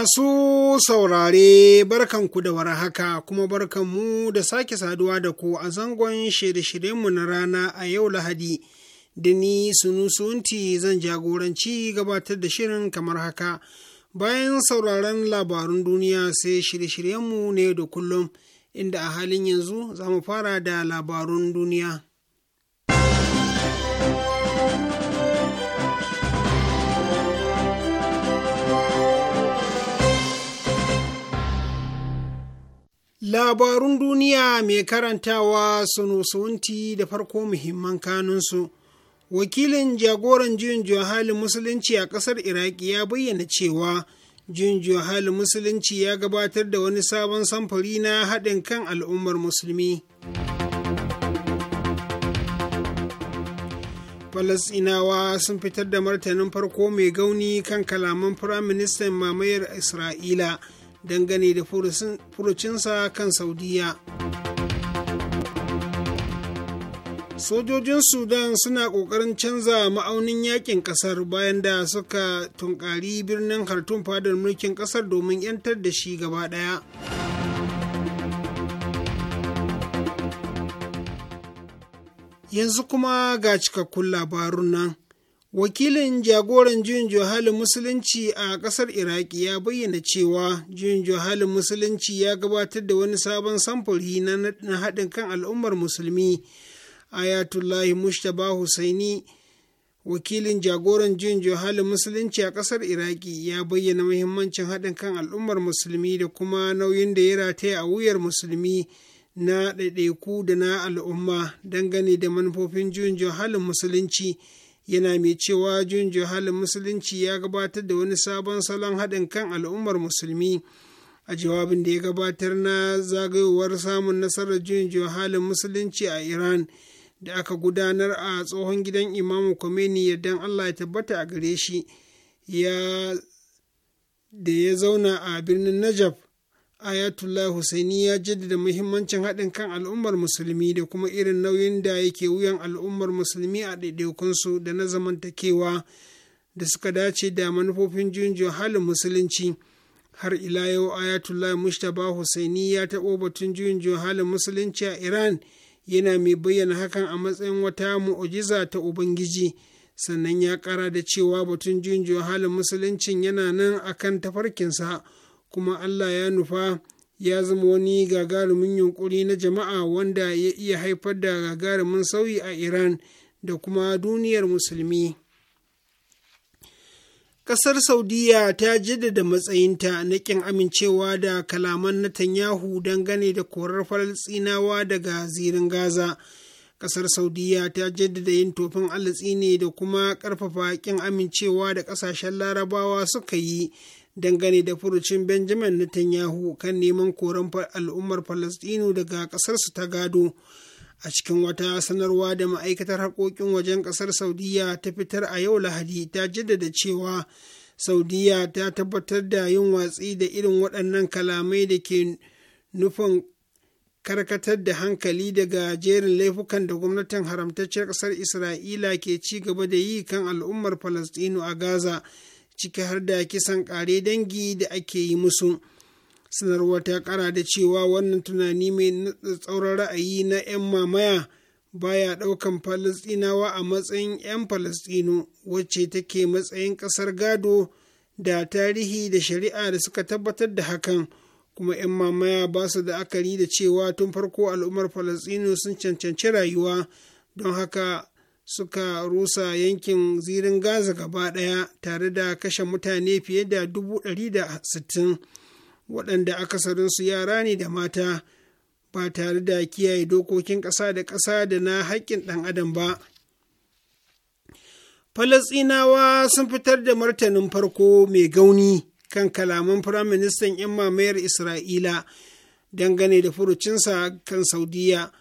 Masu saurare barkanku da warhaka kuma barkanmu da sake saduwa da ku a zangon shirye-shiryenmu na rana a yau Lahadi. Da ni sunusunti zan jagoranci gabatar da shirin kamar haka. Bayan sauraron labarun duniya sai shirye-shiryenmu ne da kullum, inda a halin yanzu za mu fara da labarun duniya. Labarun duniya mai karantawa sunusunti da farko muhimman kanunsu. Wakilin jagoran juyin halin musulunci a ƙasar Iraki ya bayyana cewa juyin halin musulunci ya gabatar da wani sabon samfuri na haɗin kan al'ummar musulmi. Falasɗinawa sun fitar da martanin farko mai gauni kan kalaman Firaministan mamayar Isra'ila. dangane da furucinsa kan saudiya sojojin sudan suna ƙoƙarin canza ma'aunin yakin ƙasar bayan da suka tunkari birnin hartun fadar mulkin ƙasar domin 'yantar da shi gaba ɗaya yanzu kuma ga cikakkun labarun nan Wakilin jagoran juyin juhalin Musulunci a ƙasar Iraki ya bayyana cewa juyin juhalin Musulunci ya gabatar da wani sabon samfuri na haɗin kan al'ummar musulmi. Ayatullahi Mushtaba Husaini, wakilin jagoran juyin juhalin Musulunci a ƙasar Iraki, ya bayyana muhimmancin haɗin kan al'ummar musulmi da kuma nauyin da ya rataya a wuyar musulmi na ɗaiɗaiku da na al'umma dangane da manufofin juyin juhalin Musulunci. yana mai cewa jun halin musulunci ya gabatar da wani sabon salon haɗin kan al'ummar musulmi a jawabin da ya gabatar na zagayowar samun nasarar jun halin musulunci a iran da aka gudanar a tsohon gidan imamu kwameni yadda allah ya tabbata a gare shi ya da ya zauna a birnin najaf ayatullah husaini ya jaddada muhimmancin haɗin kan al'ummar musulmi da kuma irin nauyin da yake wuyan al'ummar musulmi a ɗaiɗaikunsu da na zamantakewa da suka dace da manufofin junjin halin musulunci har ila yau ayatullah mustapha husaini ya taɓo batun junjin halin musulunci a iran yana mai bayyana hakan a matsayin wata mu'ujiza ta ubangiji sannan ya kara da cewa batun junjin halin musuluncin yana nan akan tafarkinsa kuma Allah ya nufa ya zama wani gagarumin yunƙuri na jama'a wanda ya iya haifar da gagarumin sauyi a Iran da kuma duniyar musulmi. Ƙasar Saudiya ta jaddada matsayinta na ƙin amincewa da kalaman Netanyahu dangane da korar Falasɗinawa daga zirin Gaza. Ƙasar Saudiya ta jaddada yin tofin alatsi ne da kuma ƙarfafa ƙin amincewa da ƙasashen larabawa suka yi dangane da furucin benjamin netanyahu kan neman koren al'ummar palestinu daga ƙasarsu ta gado a cikin wata sanarwa da ma'aikatar haƙoƙin wajen ƙasar saudiya ta fitar a yau lahadi ta jaddada cewa saudiya ta tabbatar da yin watsi da irin waɗannan kalamai da ke nufin karkatar da hankali daga jerin laifukan da gwamnatin haramtaccen ƙasar isra'ila ke ci gaba da yi kan al'ummar palestinu a gaza ciki har da kisan kare dangi da ake yi musu sanarwar ta kara da cewa wannan tunani mai tsauran ra'ayi na 'yan mamaya baya ɗaukan falasɗinawa a matsayin 'yan falasɗinu wacce take matsayin ƙasar gado da tarihi da shari'a da suka tabbatar da hakan kuma 'yan mamaya ba su da akari da cewa tun farko al'ummar falasɗinu sun cancanci rayuwa don haka suka rusa yankin zirin gaza gaba ɗaya tare da kashe mutane fiye da dubu ɗari da sittin waɗanda akasarinsu yara ne da mata ba tare da kiyaye dokokin ƙasa da ƙasa da na haƙƙin ɗan adam ba falasɗinawa sun fitar da martanin farko mai gauni kan kalaman firaministan 'yan mamayar isra'ila dangane da furucinsa kan saudiyya.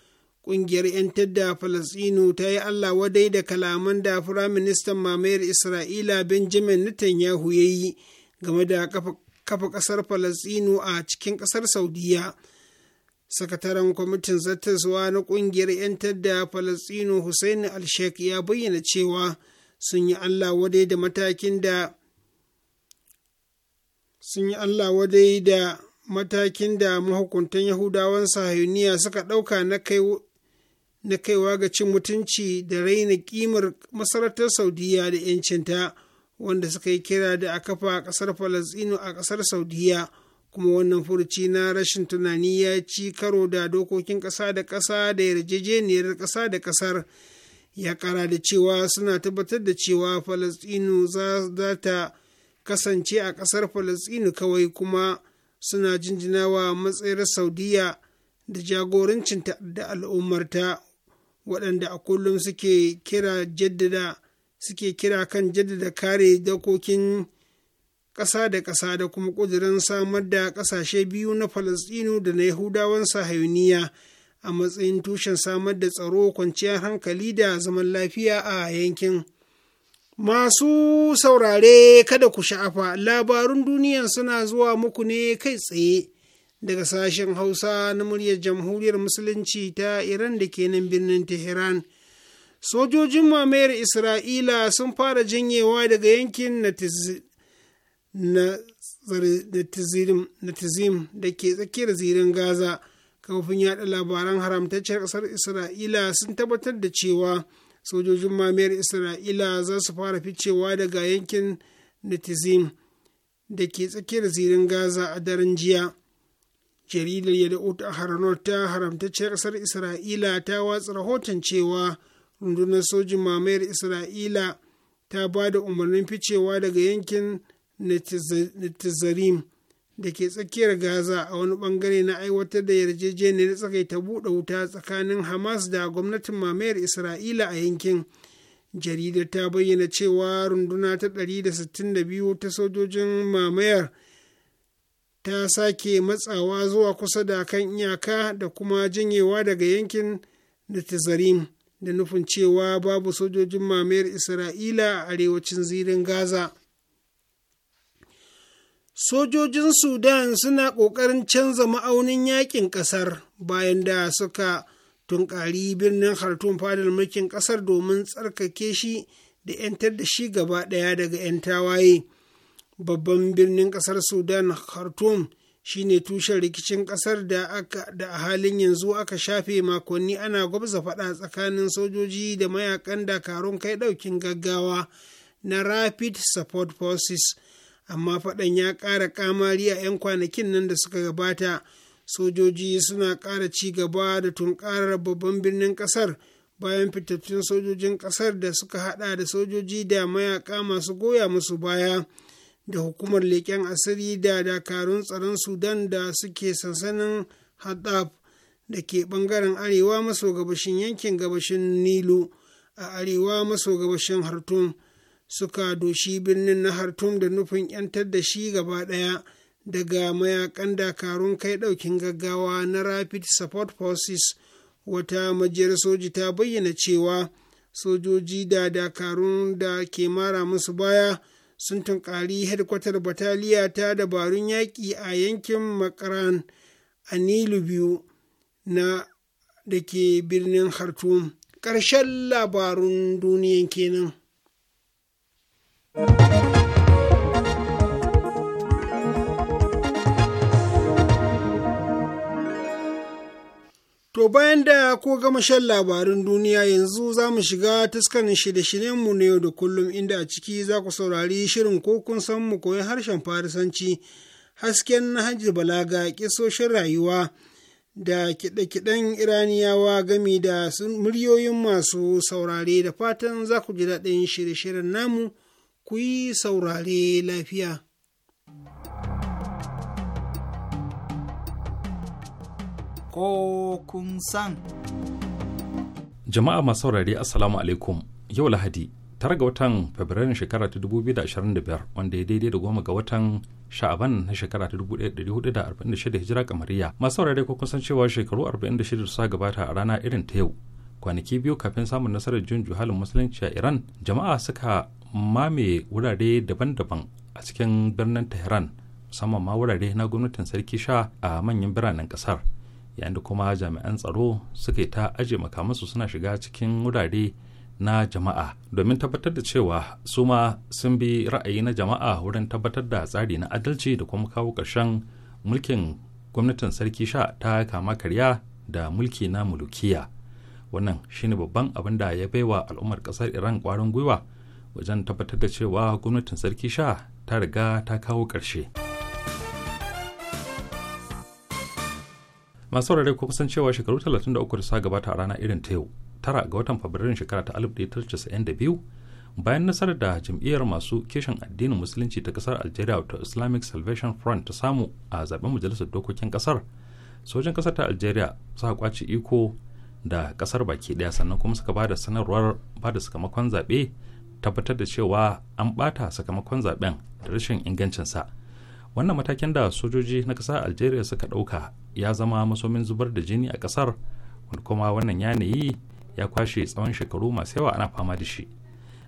Ƙungiyar 'yan tadda Falasɗinu ta yi Allah wadai da kalaman da Firaministan Mamayar Isra'ila Benjamin Netanyahu ya yi game da kafa ƙasar Falasɗinu a cikin ƙasar saudiyya. Sakataren kwamitin zattaswa na ƙungiyar yan tadda Falasɗinu Hussein Alshek ya bayyana cewa sun yi Allah wadai da matakin da sun yi Allah wadai da matakin da mahukuntan Yahudawan Sahiyuniya suka ɗauka na kai na kaiwa ga cin mutunci da raina kimar masarautar saudiya da 'yancinta wanda suka yi kira da a kafa ƙasar falasɗinu a ƙasar saudiya kuma wannan furuci na rashin tunani ya ci karo da dokokin ƙasa da ƙasa da yarjejeniyar ƙasa da ƙasar ya ƙara da cewa suna tabbatar da cewa falasɗinu za ta kasance a ƙasar falasɗinu kawai kuma suna jinjinawa matsayar saudiya da jagorancinta da al'ummarta waɗanda a kullum suke kira jaddada suke kira kan jaddada kare dokokin ƙasa da ƙasa da kuma ƙudurin samar da ƙasashe biyu na falasɗinu da na yahudawan sahayuniya a matsayin tushen samar da tsaro kwanciyar hankali da zaman lafiya a yankin masu saurare kada ku sha'afa labarun duniya suna zuwa muku ne kai tsaye daga sashen hausa na muryar jamhuriyar musulunci ta iran da ke nan birnin tehran sojojin mamayar isra'ila sun fara janyewa daga yankin natizim da ke tsakiyar zirin gaza kafin yada labaran haramtacciyar kasar isra'ila sun tabbatar da cewa sojojin mamayar isra'ila za su fara ficewa daga yankin natizim da ke tsakiyar zirin gaza a daren jiya jaridar yadda a haranar ta haramtacciyar ƙasar Isra'ila ta watsa rahoton cewa rundunar sojin mamayar Isra'ila ta ba da umarnin ficewa daga yankin Netizarim da ke tsakiyar Gaza a wani bangare na aiwatar da yarjejeniyar ta buɗe wuta tsakanin Hamas da gwamnatin mamayar Isra'ila a yankin. Jaridar ta bayyana cewa runduna ta 162 ta sojojin mamayar. ta sake matsawa zuwa kusa da kan iyaka da kuma jinyewa daga yankin da tazarim da nufin cewa babu sojojin mamayar isra'ila a arewacin zirin gaza sojojin sudan suna ƙoƙarin canza ma'aunin yakin ƙasar bayan da suka tunkari birnin hartun fadar mulkin ƙasar domin tsarkake shi da 'yantar da shi gaba ɗaya daga 'yan tawaye. babban birnin kasar sudan khartoum shine tushen rikicin kasar da aka da a halin yanzu aka shafe makonni ana gwabza fada tsakanin sojoji da mayakan dakarun kai daukin gaggawa na rapid support forces amma fadan ya kara kamari a 'yan kwanakin nan da suka gabata sojoji suna kara ci gaba da tunƙarar babban birnin kasar bayan fitattun sojojin kasar da suka hada da sojoji da mayaka masu goya musu baya. da hukumar leƙen asiri da dakarun tsaron sudan da suke sansanin haddaf da ke ɓangaren arewa maso gabashin yankin gabashin nilu a arewa maso gabashin hartum suka doshi birnin na hartum da nufin 'yantar da shi gaba ɗaya daga mayakan dakarun kai ɗaukin gaggawa na rapid support forces wata majiyar soji ta bayyana cewa sojoji da dakarun da ke mara musu baya sun tunkari hedkwatar bataliya ta dabarun yaƙi a yankin makaran a nilu biyu na da ke birnin khartoum ƙarshen labarun duniyan kenan. To bayan da ko gama shan labarin duniya yanzu za mu shiga tuskanin shirye mu na yau da kullum inda a ciki za ku saurari shirin ko kun san mu koyi harshen Farisanci, hasken Hajji Balaga, kisoshin rayuwa da kiɗe-kiɗen Iraniyawa gami da muryoyin masu saurare da fatan za ku ji daɗin shirye-shiryen namu ku yi saurare lafiya. ko kun san. Jama'a masu saurari Assalamu alaikum yau Lahadi tara ga watan Fabrairun shekara ta 2025 wanda ya daidai da goma ga watan Sha'aban na shekara ta 1446 hijira kamariya. Masu saurari ko kusan cewa shekaru 46 sa gabata a rana irin ta yau. Kwanaki biyu kafin samun nasarar jin juhalin musulunci a Iran, jama'a suka mame wurare daban-daban a cikin birnin Tehran, musamman ma wurare na gwamnatin sarki sha a manyan biranen kasar. yayin da kuma jami'an tsaro suke ta aje makamansu suna shiga cikin wurare na jama'a domin tabbatar da cewa su ma sun bi ra'ayi na jama'a wurin tabbatar da tsari na adalci da kuma kawo ƙarshen mulkin gwamnatin sarki sha ta kama karya da mulki na mulukiya wannan shine babban abin da ya baiwa al'ummar ƙasar iran ƙwarin gwiwa wajen tabbatar da cewa gwamnatin sarki sha ta riga ta kawo ƙarshe. masu saurare ko kusan cewa shekaru 33 da sa gabata a rana irin ta yau tara ga watan fabrairun shekara ta 1992 bayan nasarar da jam'iyyar masu kishin addinin musulunci ta kasar algeria wato islamic salvation front ta samu a zaben majalisar dokokin kasar sojin kasar ta algeria suka kwace iko da kasar baki daya sannan kuma suka bada sanarwar ba da sakamakon zaɓe tabbatar da cewa an bata sakamakon zaben da rashin ingancinsa wannan matakin da sojoji na ƙasar algeria suka ɗauka ya zama masomin zubar da jini a kasar wanda kuma wannan yanayi ya kwashe tsawon shekaru masu yawa ana fama da shi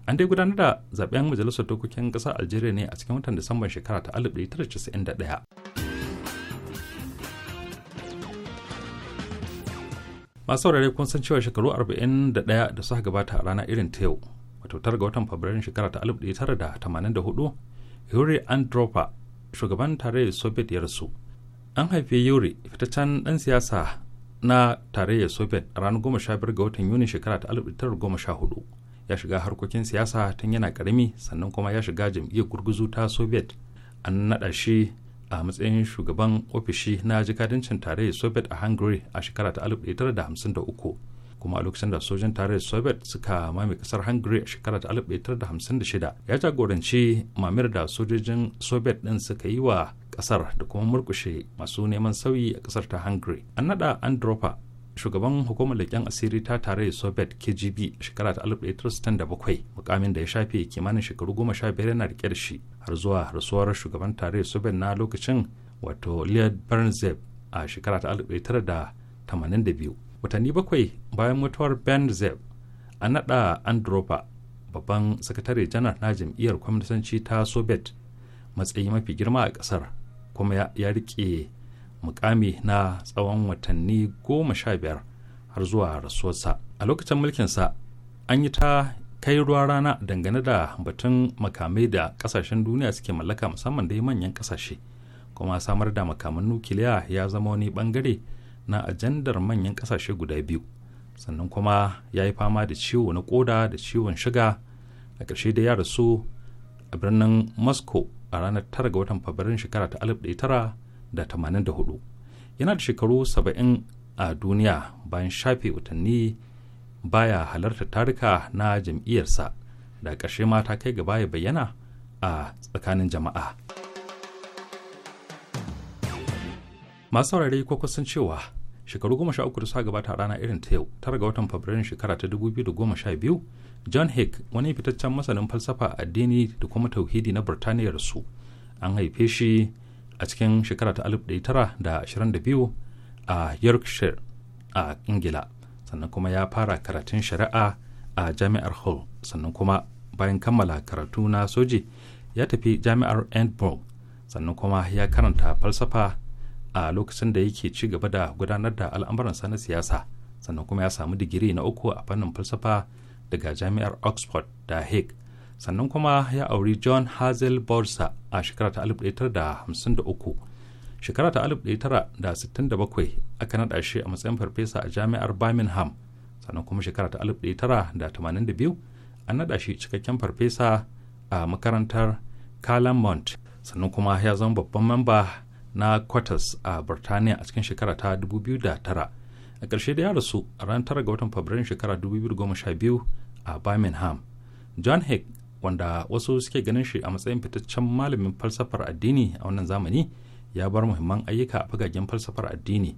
an dai gudanar da zaben majalisar dokokin ƙasar algeria ne a cikin watan disamban shekara ta 1991 masu saurare kun san cewa shekaru 41 da suka gabata a rana irin ta yau wato tara ga watan fabrairun shekara ta 1984 yuri andropa shugaban tarayyar soviet ya rasu an haife yuri fitaccen ɗan siyasa na tarayyar soviet a ranar goma ga watan yuni shekara ta alif sha hudu ya shiga harkokin siyasa tun yana karami sannan kuma ya shiga jam'iyyar gurguzu ta soviet an naɗa shi a matsayin shugaban ofishi na jikadancin tarayyar soviet a hungary a shekara ta 1953 kuma a lokacin da sojojin tarayyar soviet suka mame kasar hungary a shekarar 1956 ya jagoranci mamir da sojojin soviet din suka yi wa kasar da kuma murkushe masu neman sauyi a kasar ta hungary an nada andropa shugaban hukumar leƙen asiri ta tarayyar soviet kgb shekara ta 1967 mukamin da ya shafe kimanin shekaru goma sha biyar yana rike da shi har zuwa rasuwar shugaban tarayyar soviet na lokacin wato leonid brezhnev a shekara ta 1982 watanni bakwai bayan mutuwar zeb a naɗa andropa babban sakatare janar na jam'iyyar kwamnatanci ta soviet matsayi mafi girma a ƙasar kuma ya riƙe mukami na tsawon watanni goma sha biyar har zuwa rasuwarsa a lokacin mulkinsa an yi ta kai ruwa rana dangane da batun makamai da kasashen duniya suke mallaka musamman dai manyan kasashe kuma samar da makaman nukiliya ya zama wani bangare na ajandar manyan kasashe guda biyu sannan kuma ya yi fama da ciwo na koda da ciwon shiga a ƙarshe da ya rasu a birnin moscow a ranar tara ga watan fabrairun shekara ta hudu. yana da shekaru saba'in a duniya bayan shafe watanni baya halarta tarika na jam'iyyarsa da ƙarshe ma ta kai gaba ya bayyana a tsakanin jama'a masu saurare kwakwasan cewa shekaru goma sha uku da suka gabata a rana irin ta yau tara ga watan fabrairun shekara ta dubu biyu da goma sha biyu john hick wani fitaccen masanin falsafa addini da kuma tauhidi na birtaniya su an haife shi a cikin shekara ta alif tara da ashirin da biyu a yorkshire a ingila sannan kuma ya fara karatun shari'a a jami'ar hall sannan kuma bayan kammala karatu na soji ya tafi jami'ar edinburgh sannan kuma ya karanta falsafa a lokacin da yake ci gaba da gudanar da al'amuransa na siyasa sannan kuma ya samu digiri na uku a fannin falsafa daga jami'ar oxford da hague sannan kuma ya auri john hazel borsa a shekara ta 1953 shekara ta 1967 aka naɗa shi a matsayin farfesa a jami'ar birmingham sannan kuma shekara ta 1982 an naɗa shi cikakken farfesa a makarantar calamont sannan kuma ya zama babban mamba na Quartus a burtaniya a cikin shekara ta 2009 a ƙarshe da ya rasu a ranar tara ga watan fabrairun shekara 2012 a birmingham john hick wanda wasu suke ganin shi a matsayin fitaccen malamin falsafar addini a wannan zamani ya bar muhimman ayyuka a fagagen falsafar addini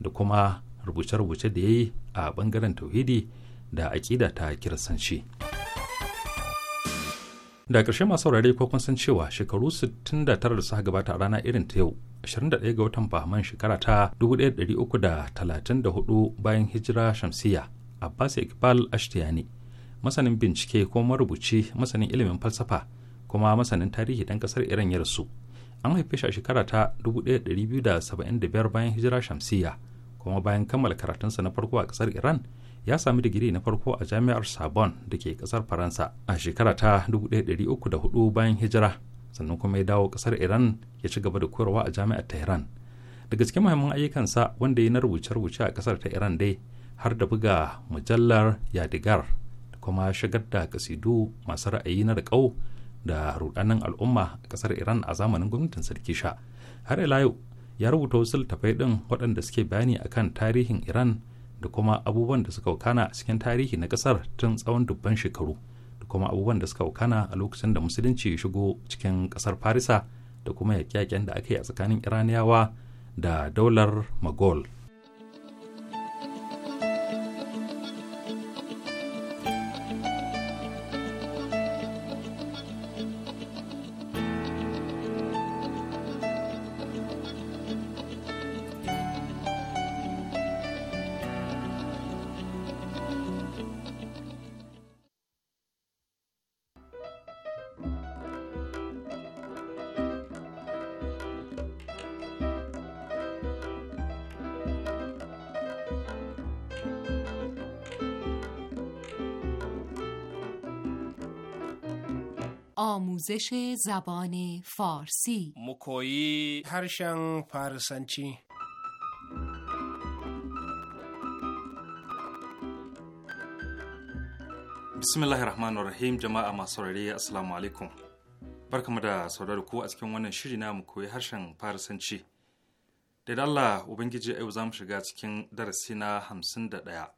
da kuma rubuce-rubuce da ya yi a ɓangaren tauhidi da aƙida ta kiristanci. da karshe masu saurare ko kun san cewa shekaru 69 da suka gabata a rana irin ta yau 21 ga watan Bahman shekara ta 1334 bayan hijira shamsiyya Abbas Iqbal Ashtiyani masanin bincike ko marubuci masanin ilimin falsafa kuma masanin tarihi ɗan kasar Iran ya rasu an haife shi a shekara ta 1275 bayan hijira shamsiyya kuma bayan kammala karatunsa na farko a ƙasar Iran ya sami digiri na farko a jami'ar sabon da ke kasar faransa a shekara ta 1304 bayan hijira sannan kuma ya dawo kasar iran ya ci gaba da koyarwa a jami'ar tehran daga cikin muhimman ayyukansa wanda ya na rubuce-rubuce a kasar ta iran dai har da buga mujallar yadigar da kuma shigar da kasidu masu ra'ayi na rikau da rudanin al'umma a kasar iran a zamanin gwamnatin sarki sha har ila yau ya rubuta wasu littafai ɗin waɗanda suke bayani akan tarihin iran da kuma abubuwan da suka wakana a cikin tarihi na kasar tun tsawon dubban shekaru da kuma abubuwan da suka wakana a lokacin da musulunci ya shigo cikin kasar farisa da kuma yaƙe-yaƙen da aka yi a tsakanin iraniyawa da daular magol آموزش زبان فارسی مکویی هرشن فارسنچی بسم الله الرحمن الرحیم جماعه ما سوراری السلام علیکم barkamu da saurari ko a cikin wannan shiri na mu koyi harshen farisanci da Allah ubangiji yau za mu shiga cikin darasi na hamsin da ɗaya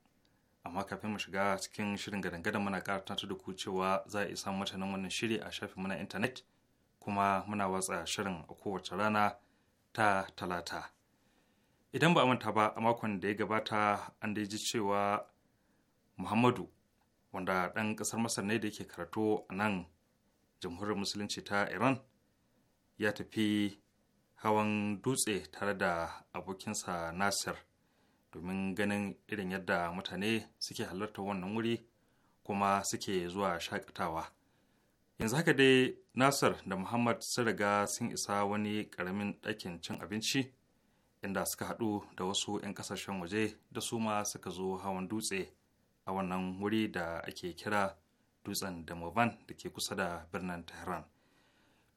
amma kafin mu shiga cikin shirin gadan muna ƙara tantar da ku cewa za a isa samun wannan shiri a shafin muna intanet kuma muna watsa shirin a kowace rana ta talata idan ba a manta ba a makon da ya gabata an da ji cewa muhammadu wanda ɗan ƙasar masar ne da yake karatu a nan jamhuriyar musulunci ta iran ya tafi hawan dutse tare da abokinsa nasir domin ganin irin yadda mutane suke halarta wannan wuri kuma suke zuwa shakatawa yanzu haka dai nasir da muhammad sun riga sun isa wani ƙaramin ɗakin cin abinci inda suka haɗu da wasu 'yan ƙasashen waje da su ma suka zo hawan dutse a wannan wuri da ake kira dutsen damovan da ke kusa da birnin tehran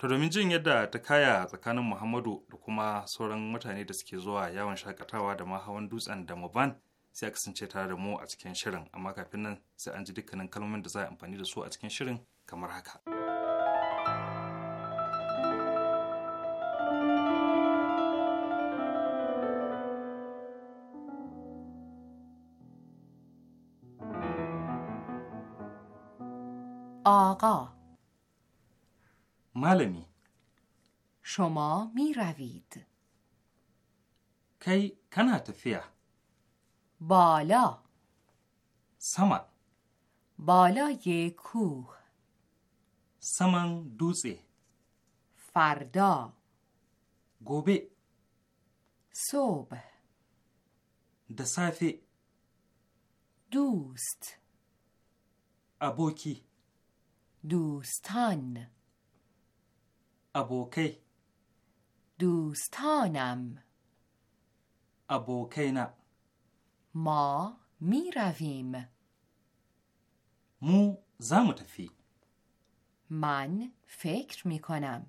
To domin jin yadda ta kaya tsakanin Muhammadu da kuma sauran mutane da suke zuwa yawon shakatawa da ma hawan dutsen da Moban sai aka kasance tare da mu a cikin shirin amma kafin nan sai an ji dukkanin kalmomin da za a amfani da su a cikin shirin kamar haka. آقا معلمی شما می روید کی کنا تفیه بالا سما بالای کوه سمن دوزه فردا گوبه صبح دسافه دوست ابوکی دوستان ابوکی دوستانم نه ما می رویم مو زمتفی من فکر می کنم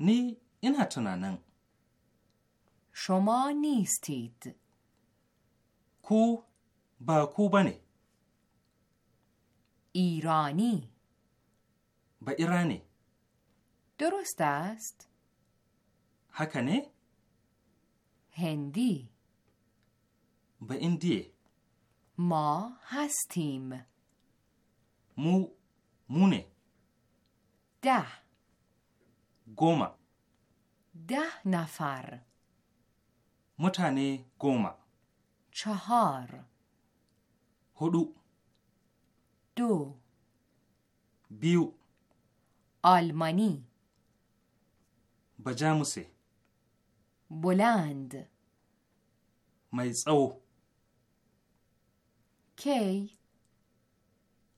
نی این تنانن شما نیستید کو با کو بنه ایرانی با ایرانی درست است؟ هکنه؟ هندی به اندی ما هستیم مو مونه ده گوما ده نفر متانه گوما چهار هدو دو بیو آلمانی بجاموسه بلند مایز او کی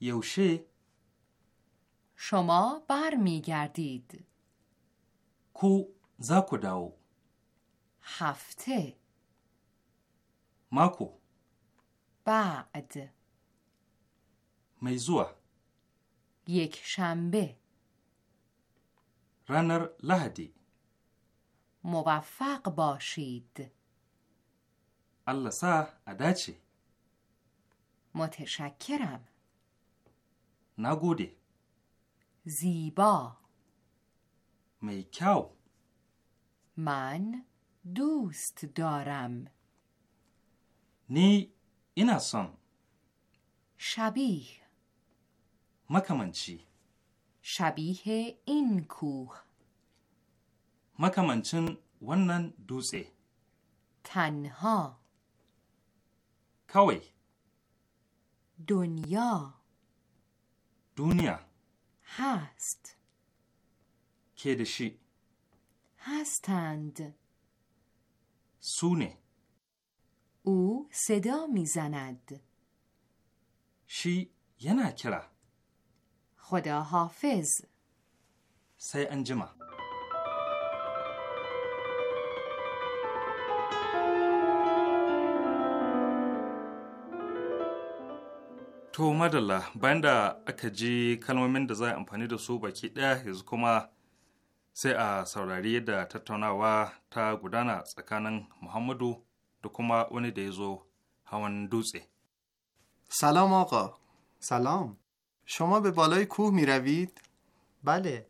یوشه شما میگردید کو زاکو داو هفته ماکو بعد میزوا. یک شنبه رانر لهدی موفق باشید الله سا اداچه متشکرم نگوده زیبا میکاو من دوست دارم نی این شبیه. شبیه چی؟ شبیه این کوه مکمنچن ونن دوزه تنها کوی دنیا دنیا هست شی؟ هستند سونه او صدا میزند شی یه نکره خدا حافظ سه انجمه To madalla bayan da aka ji kalmomin da za a amfani da su baki ɗaya yanzu kuma sai a saurari yadda tattaunawa ta gudana tsakanin Muhammadu da kuma wani da ya zo hawan dutse. Salam aka, salam, shoma be balai kuh می bale farda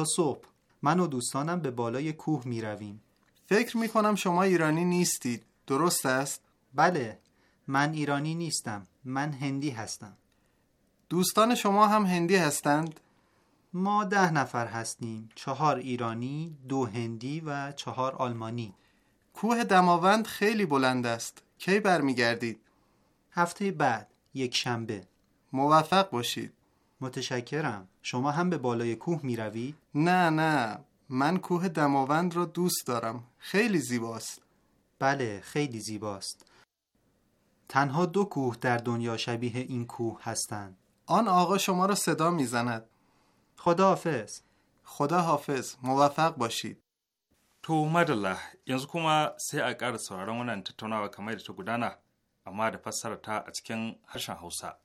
فردا صبح من و دوستانم به بالای کوه می رویم فکر می کنم شما ایرانی نیستید درست است؟ بله من ایرانی نیستم من هندی هستم دوستان شما هم هندی هستند؟ ما ده نفر هستیم چهار ایرانی، دو هندی و چهار آلمانی کوه دماوند خیلی بلند است کی برمیگردید؟ هفته بعد یک شنبه موفق باشید متشکرم شما هم به بالای کوه می روی؟ نه نه من کوه دماوند را دوست دارم خیلی زیباست بله خیلی زیباست تنها دو کوه در دنیا شبیه این کوه هستند. آن آقا شما را صدا می زند. خدا حافظ. خدا حافظ. موفق باشید. تو اومد الله. یعنی سه اکار سواران ونان تتونا و کمیر تو گدانا. اما در پس سر تا اتکن هشن حوصا.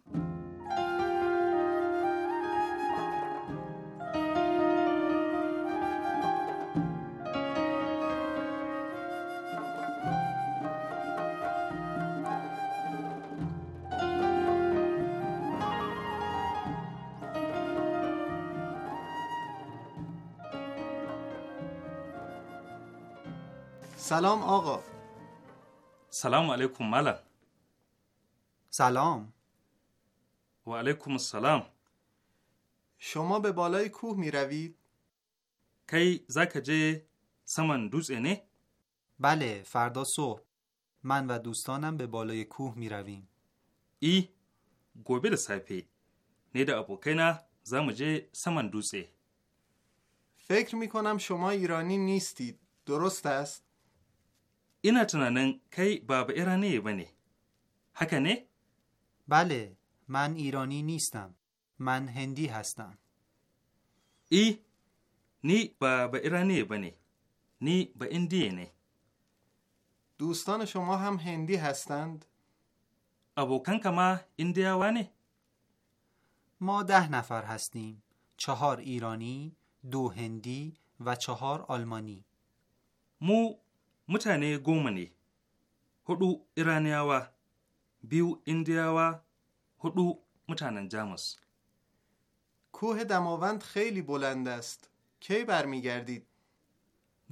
سلام آقا سلام علیکم ملا. سلام و علیکم السلام شما به بالای کوه می روید؟ کی زکه جه سمن دوز اینه؟ بله فردا صبح من و دوستانم به بالای کوه می رویم ای گوبه ده سایپه نیده ابوکینا زم جه سمن دوزه فکر می کنم شما ایرانی نیستید درست است؟ اینا تنانن کی باب ایرانیه بنی نه؟ بله من ایرانی نیستم من هندی هستم ای نی باب ایرانیه بنی نی به اندی نه دوستان شما هم هندی هستند؟ ابوکن کما اندیاوانه ما ده نفر هستیم چهار ایرانی دو هندی و چهار آلمانی مو mutane goma ne, hudu Iraniyawa, biyu Indiyawa, hudu mutanen Jamus. کوه دماوند خیلی بلند است. کی برمیگردید؟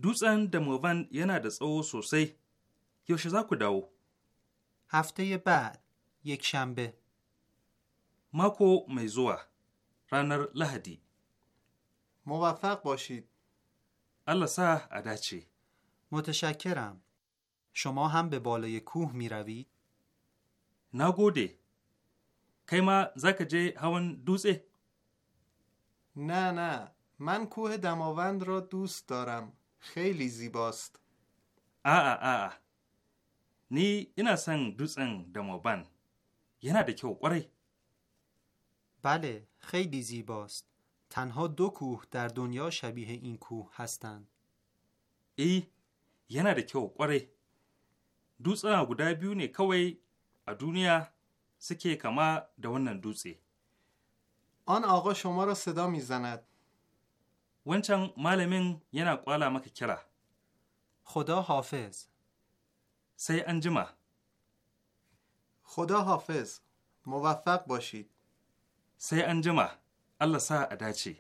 دوستان دماوند یه نده او سوسی. یوشه زاکو داو. هفته بعد. یک شنبه. ماکو میزوه. رانر لهدی. موفق باشید. الله سه اداچی. متشکرم. شما هم به بالای کوه می روید؟ نگوده. که ما زکجه هون دوزه؟ نه نه. من کوه دماوند را دوست دارم. خیلی زیباست. آه آه. نی اینا son یه دماوند. یه نده که وره. بله خیلی زیباست تنها دو کوه در دنیا شبیه این کوه هستند ای yana da kyau kwarai. Dutsuna guda biyu ne kawai a duniya suke kama da wannan dutse. An aga شما sada صدا wancan malamin yana kwala maka kira. khuda hafiz sai an jima. خدا حافظ sai an jima. Allah sa a dace.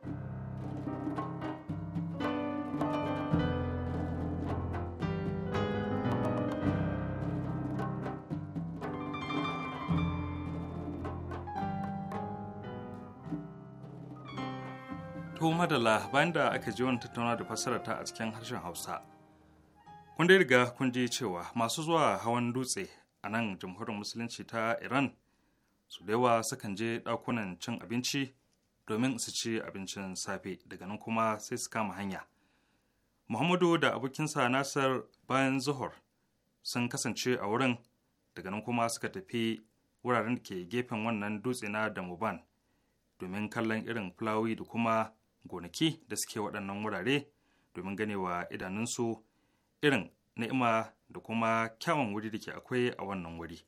kuma madalla bayan da aka ji wani tattauna da fassara ta a cikin harshen Hausa. Kun dai riga kun ji cewa masu zuwa hawan dutse a nan jamhuriyar musulunci ta Iran su da yawa sukan je ɗakunan cin abinci domin su ci abincin safe daga nan kuma sai su kama hanya. Muhammadu da abokinsa Nasar bayan zuhur sun kasance a wurin daga nan kuma suka tafi wuraren da ke gefen wannan dutse na Damuban domin kallon irin fulawi da kuma gonaki da suke waɗannan wurare domin ganewa idanunsu irin ni'ima da kuma kyawun wuri da ke akwai a wannan wuri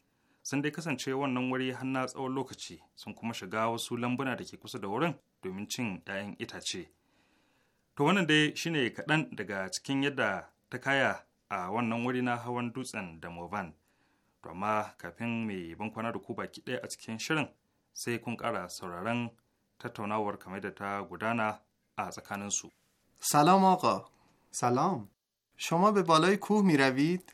sun dai kasance wannan wuri har tsawon lokaci sun kuma shiga wasu lambuna da ke kusa da wurin domin cin 'ya'yan itace to wannan dai shine kaɗan daga cikin yadda ta kaya a wannan wuri na hawan dutsen da movan to amma kafin mai bankwana da ku baki ɗaya a cikin shirin sai kun ƙara sauraron tattaunawar kamar da ta gudana a سلام آقا سلام شما به بالای کوه می روید؟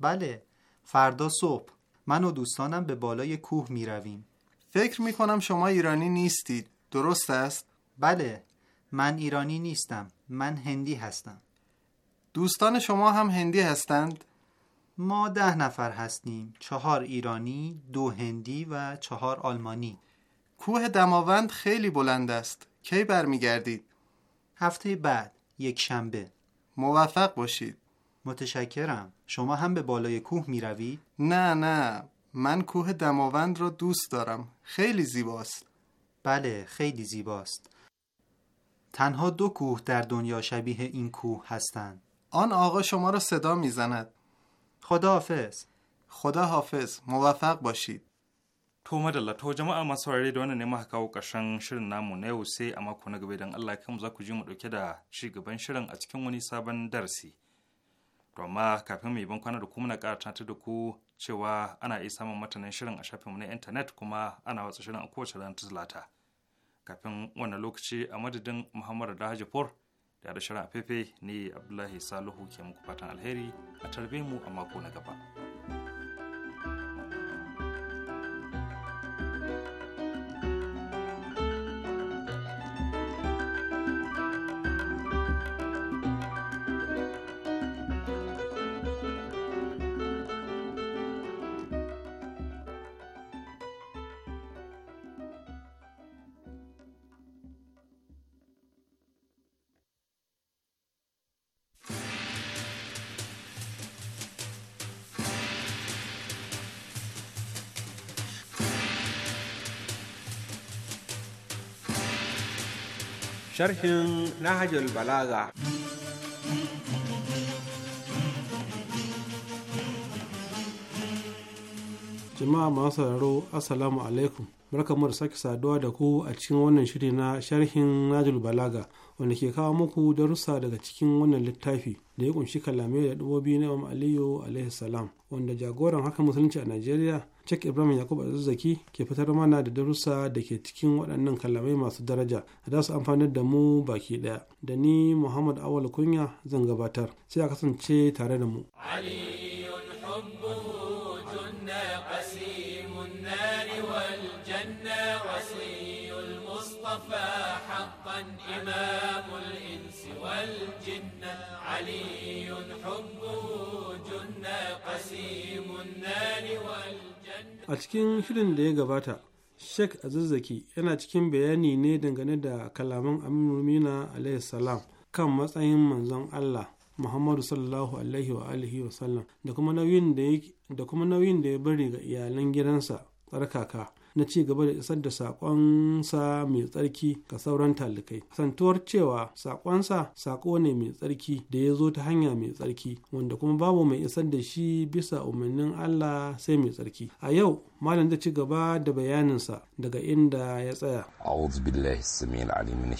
بله فردا صبح من و دوستانم به بالای کوه می رویم فکر می کنم شما ایرانی نیستید درست است؟ بله من ایرانی نیستم من هندی هستم دوستان شما هم هندی هستند؟ ما ده نفر هستیم چهار ایرانی دو هندی و چهار آلمانی کوه دماوند خیلی بلند است کی برمیگردید هفته بعد یک شنبه موفق باشید متشکرم شما هم به بالای کوه می روید؟ نه نه من کوه دماوند را دوست دارم خیلی زیباست بله خیلی زیباست تنها دو کوه در دنیا شبیه این کوه هستند آن آقا شما را صدا می زند خدا حافظ خدا حافظ موفق باشید To madalla to jama'a masu saurare da wannan ne muka kawo ƙarshen shirin namu na yau sai a mako na gaba idan Allah ya za ku ji mu dauke da ci gaban shirin a cikin wani sabon darasi. To amma kafin mu yi ban kwana da kuma na ƙara tunatar da ku cewa ana iya samun matanin shirin a shafinmu na intanet kuma ana watsa shirin a kowace ranar Talata. Kafin wannan lokaci a madadin Muhammadu Dahaji Por da da shirin a ni Abdullahi Salihu ke muku fatan alheri a tarbe mu a mako na gaba. sharhin Nahajul Balaga. Jama'a masu raro Assalamu alaikum. barkamu da sake saduwa da ku a cikin wannan shiri na sharhin Najul Balaga wanda ke kawo muku darussa daga cikin wannan littafi da ya kunshi kalamai da dubobi na Imam Aliyu alaihi salam wanda jagoran haka musulunci a Najeriya Cek Ibrahim Yakub azuzaki ke fitar mana da darussa da ke cikin waɗannan kalamai masu daraja da su amfanar da mu baki ɗaya da ni Muhammad Awal Kunya zan gabatar sai a kasance tare da mu. قسيم النار والجنة وصي المصطفى حقا إمام الإنس a cikin shirin da ya gabata sheikh azizzaki yana cikin bayani ne dangane da kalaman aminu mina salam kan matsayin manzon allah muhammadu sallallahu alaihi wa alihi wa sallam da kuma nauyin da ya bari ga iyalan gidansa tsarkaka na ci gaba da isar da saƙonsa mai tsarki ga sauran talikai santuwar cewa saƙonsa saƙo ne mai tsarki da ya zo ta hanya mai tsarki wanda kuma babu mai isar da shi bisa umarnin allah sai mai tsarki a yau malam zai ci gaba da bayaninsa daga inda ya tsaya a'udhu billahi samiyal alim min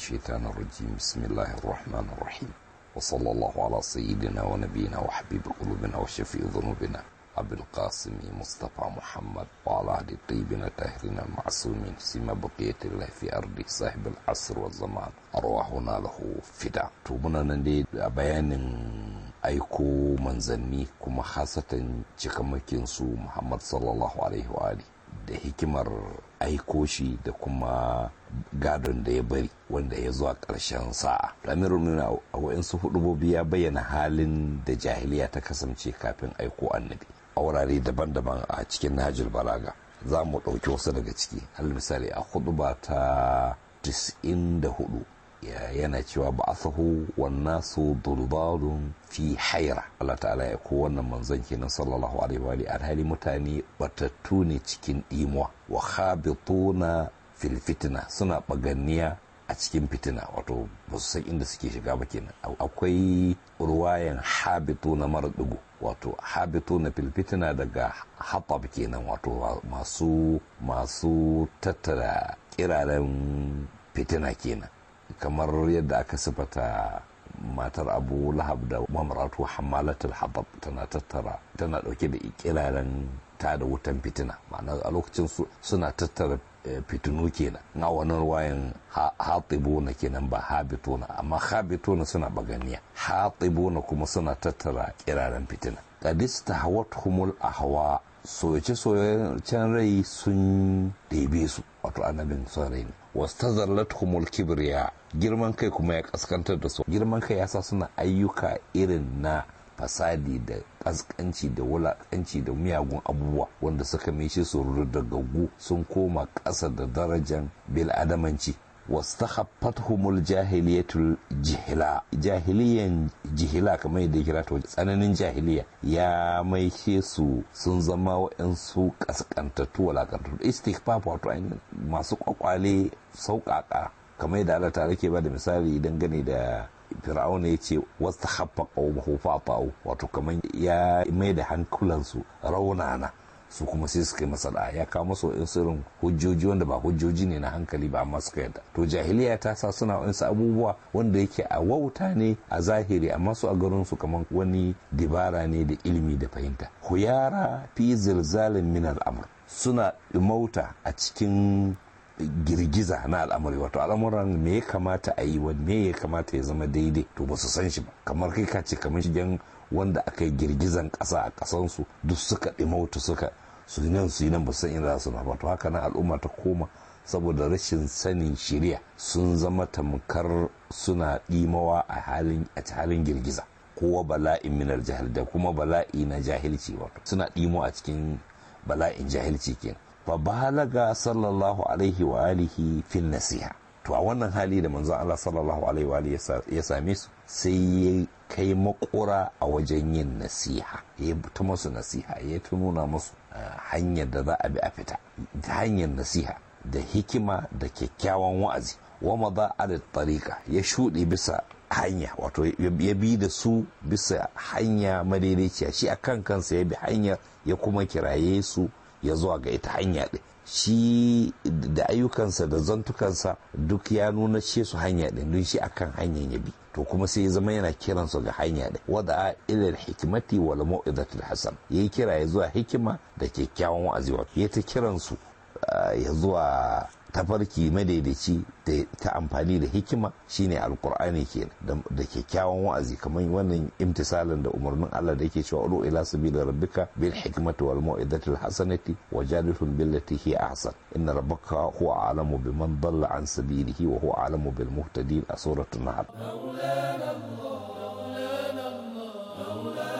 rajim bismillahir rahmanir rahim وصلى الله على سيدنا ونبينا وحبيب قلوبنا وشفي ذنوبنا أبي القاسم مصطفى محمد وعلى أهل طيبنا تهرنا المعصومين سيما بقية الله في أرض صاحب العصر والزمان أرواحنا له فداء تومنا ندي بيان aiko manzanni كما خاصة cikamakin محمد صلى الله عليه وآله ده hikimar aiko shi da kuma gadon da ya bari wanda ya zuwa ƙarshen sa'a. lamirin nuna a wa'insu hudubobi ya bayyana halin da jahiliya ta kasance kafin aiko annabi a wurare daban-daban a cikin najil Balaga. Za mu ɗauki wasu daga ciki, hal misali a ba ta 94 yana cewa ba a sahu wa su durbarun fi haira Allah ta'ala ya ko wannan manzon kenan sallallahu alaihi wa alihi alhali mutane batattu ne cikin dimuwa wa khabituna fil fitna suna baganniya a cikin fitina wato ba su san inda suke shiga ba kenan akwai ruwayan habitu na mara dugu wato habitu na filfitina daga hatab kenan wato masu masu tattara kiraren fitina kenan kamar yadda aka sifata matar abu lahab da mamaratu hamalatul habab tana tattara tana dauke da ikirarin ta da wutan fitina ma'ana a lokacin su suna tattara eh, fitinu kenan na wani ruwayan hatibuna kenan ba habituna amma habituna suna baganiya hatibuna kuma suna tattara kiraren fitina a hawa. soyace-soyacen rai sun ɗebe su wato annabin son rai ne wasu ta zallatuhumul kibriya girman kai kuma ya kaskantar da su girman kai ya sa suna ayyuka irin na fasadi da kaskanci da wulakanci da miyagun abubuwa wanda suka mishi su gaggu sun koma ƙasa da darajan bil adamanci Wasu jahiliyatul jihila jahiliyan jihila kamar yadda kira to tsananin jahiliya ya mai su sun zama waɗansu kaskantattu walakantattu istighfaf wato masu kwakwale sauƙaƙa kamar yadda Allah tare ke da misali gani da fir'auna ya ce wasu haffa ƙaumahu fata'u wato kamar ya mai da hankulansu raunana su kuma sai suka yi masala ya kawo masa wa'insu irin hujjoji wanda ba hujjoji ne na hankali ba amma suka yadda to jahiliya ta sa suna wa'insu abubuwa wanda yake a wauta ne a zahiri amma su a garin su kamar wani dibara ne da ilimi da fahimta huyara fi zilzalin min al'amur suna imauta a cikin girgiza na al'amari wato al'amuran me ya kamata a yi wanne ya kamata ya zama daidai to ba su san shi ba kamar kai ka ce kamar shigen wanda aka yi girgizan ƙasa a ƙasansu duk suka ɗimautu suka su nan su yi nan ba san inda za su ba to haka nan al'umma ta koma saboda rashin sanin shirya sun zama tamkar suna ɗimawa a halin a halin girgiza kowa bala'in minar jahil da kuma bala'i na jahilci wato suna ɗimo a cikin bala'in jahilci ke. fa balaga sallallahu alaihi wa alihi fin nasiha to a wannan hali da manzon Allah sallallahu alaihi wa alihi ya same su sai ya kai makura a wajen yin nasiha ya ta masu nasiha ya ta nuna masu hanyar da za a bi a fita ta hanyar nasiha da hikima da kyakkyawan wa'azi wa a ala tariqa ya shuɗe bisa hanya wato ya bi da su bisa hanya madaidaiciya shi a kan kansa ya bi hanyar ya kuma kiraye su ya zuwa ga ita hanya ɗin shi da ayyukansa da zantukansa duk ya nuna shi su hanya ɗin don shi akan hanyar ya bi to kuma sai ya zama yana kiransu ga hanya ɗin wada a ilil hikimati wal mau'izatul hasan yayi kira ya zuwa hikima da kyakkyawan wa'azi wato ya ta kiransu ah, ya zuwa tafarki madaidaici ta amfani da hikima shine alqur'ani ke da kyakkyawan wa'azi kamar wannan imtisalan da umarnin Allah da yake cewa ulu ila sabila rabbika bil hikmati wal mau'izati al hasanati wajadilhum billati hi ahsan inna rabbaka huwa a'lamu biman dalla an sabilihi wa huwa a'lamu bil muhtadin a suratul nahl maulana allah maulana allah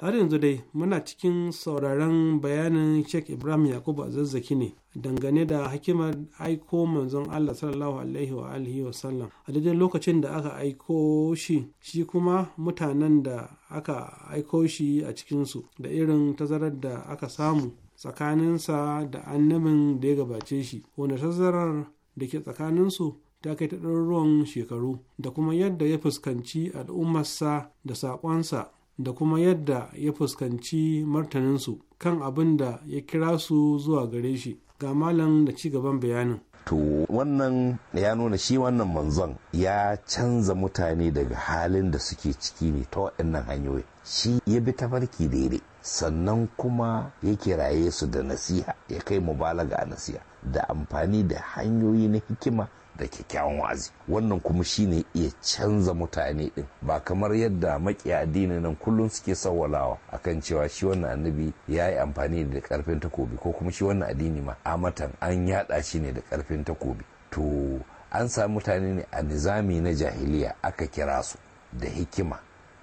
har yanzu dai muna cikin sauraron bayanin sheikh ibrahim yakubu a zazzaki ne dangane da hakimar aiko manzon allah sallallahu alaihi wa alihi wa sallam a daidai lokacin da aka aiko shi shi kuma mutanen da aka aiko shi a cikinsu da irin tazarar da aka samu tsakaninsa da annabin da ya gabace shi wanda tazarar da ke tsakaninsu ta kai ta ɗaruruwan shekaru da kuma yadda ya fuskanci al'ummarsa da saƙonsa da kuma yadda ya fuskanci martaninsu kan abin da ya kira su zuwa gare shi ga malam da ci gaban bayanin to wannan ya nuna shi wannan manzon ya canza mutane daga halin da suke ciki ne ta waɗannan hanyoyi shi ya bi tafarki daidai sannan kuma ya kiraye su da nasiha ya kai mubalaga a nasiha da amfani da hanyoyi na hikima da kyakkyawan wa'azi wannan kuma shine iya canza mutane din ba kamar yadda maki addini nan kullum suke sawwalawa akan cewa shi wannan annabi ya yi amfani da karfin takobi ko kuma shi wannan addini ma amatan an yada shi ne da karfin takobi to an sami mutane ne a nizami na jahiliya aka kira su da hikima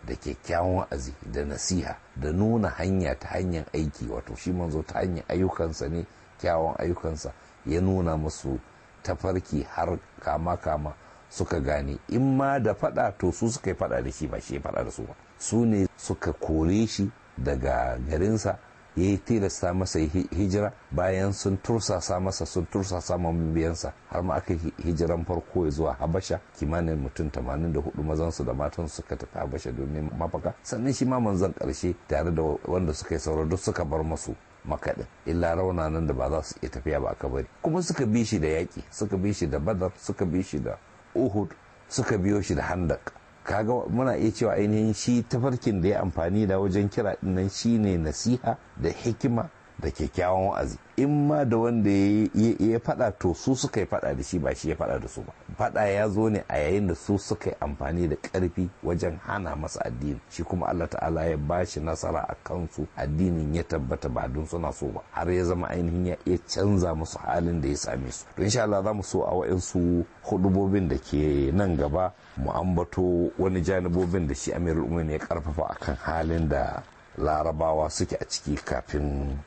da kyakkyawan wa'azi da nasiha da nuna hanya ta hanyar aiki wato shi manzo ta hanyar ayyukansa ne kyawun ayyukansa ya nuna musu tafarki har kama kama suka gane in ma da fada to su suka yi fada da shi ba shi fada da su ba su ne suka kore shi daga garinsa ya yi tilasta masa hijira bayan sun tursasa masa sun tursasa mabiyansa har ma aka hijiran farko ya zuwa habasha kimanin mutum 84 mazansu da matan suka tafi habasha domin mafaka sannan shi ma manzan karshe tare da wanda suka yi sauro duk suka bar masu makaɗin illa rauna nan da ba za su iya tafiya ba aka bari kuma suka bi shi da yaƙi suka bi shi da badar suka bi shi da uhud suka biyo shi da handak kaga muna iya cewa ainihin shi tafarkin da ya amfani da wajen kira dinnan shine nasiha da hikima da kyakkyawan wa'azi in ma da wanda ya faɗa to su suka yi faɗa da shi ba shi ya faɗa da su ba faɗa ya zo ne a yayin da su suka yi amfani da ƙarfi wajen hana masa addini shi kuma Allah ta'ala ya ba shi nasara a kansu addinin ya tabbata ba don suna so ba har ya zama ainihin ya iya canza musu halin da ya same su don insha Allah za mu so a wa'insu hudubobin da ke nan gaba mu ambato wani janibobin da shi Amirul Umar ya karfafa akan halin da larabawa suke a ciki kafin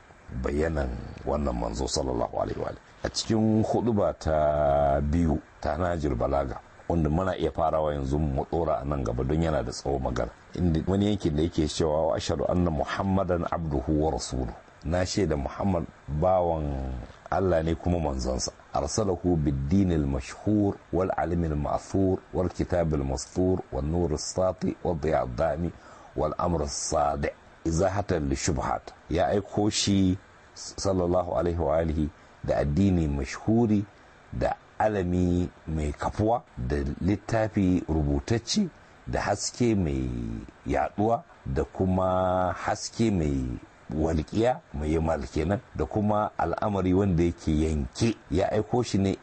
bayanan wannan manzo sallallahu alaihi wa a cikin huduba ta biyu ta najir balaga wanda muna iya farawa yanzu mu dora a nan gaba don yana da tsawo magana inda wani yankin da yake cewa wa ashhadu anna muhammadan abduhu wa rasuluhu na shaida muhammad bawan Allah ne kuma manzonsa arsalahu bid-din mashhur wal alim al-ma'thur wal kitab al wan nur sati wad-diya dami wal amr as da lishubhat ya aiko shi sallallahu alaihi wa alihi da addini mashhuri da alami mai kafuwa da littafi rubutacci da haske mai yaduwa da kuma haske mai walƙiya mai mal kenan da kuma al'amari wanda yake yanke ya aiko shi ne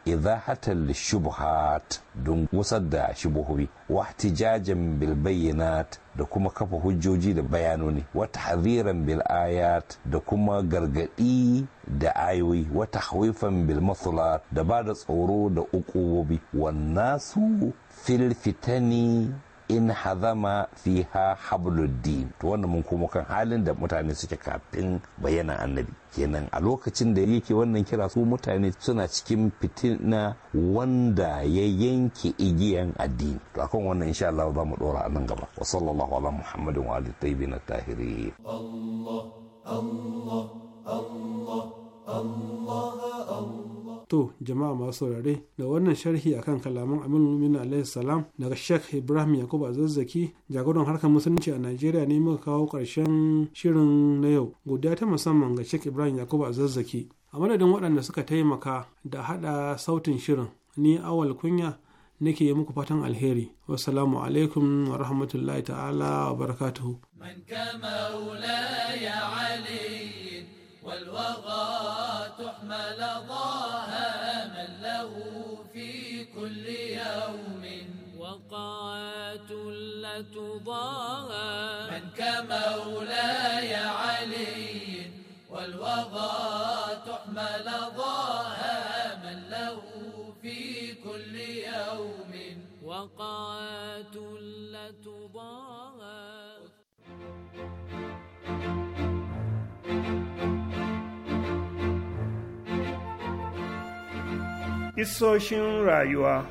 hatal shubhat don wasar da shubuhubi wa tijajan bil bayyinat da kuma kafa hujjoji da bayanoni wa tahziran bil ayat da kuma gargadi da ayoyi wa tahwifan bil masulat da ba da tsoro da ukubobi wannan su fil fitani in hazama fiha habluddin to wannan mun komo kan halin da mutane suke kafin bayyana annabi kenan a lokacin da yake wannan kira su mutane suna cikin fitina wanda ya yanke igiyan addini to akan wannan insha Allah za mu dora a nan gaba wa sallallahu ala muhammadin wa alihi tayyibin at Allah Allah Allah To jama'a masu saurare da wannan sharhi a kan kalaman Aminu Mumin alaihi salam daga Sheikh Ibrahim Yakubu Azazzaki jagoran harkar musulunci a Najeriya ne muka kawo ƙarshen shirin na yau. Godiya ta musamman ga Sheikh Ibrahim Yakubu Azazzaki. A madadin waɗanda suka taimaka da haɗa sautin shirin ni awal kunya nake muku fatan alheri wassalamu alaikum wa rahmatullahi ta'ala wa barakatuhu والوغى تحمل ضاها من له في كل يوم وقعت لا تضاها من كمولاي علي والوغى تحمل ضاها من له في كل يوم وقعت لا تضاها Isoshin rayuwa.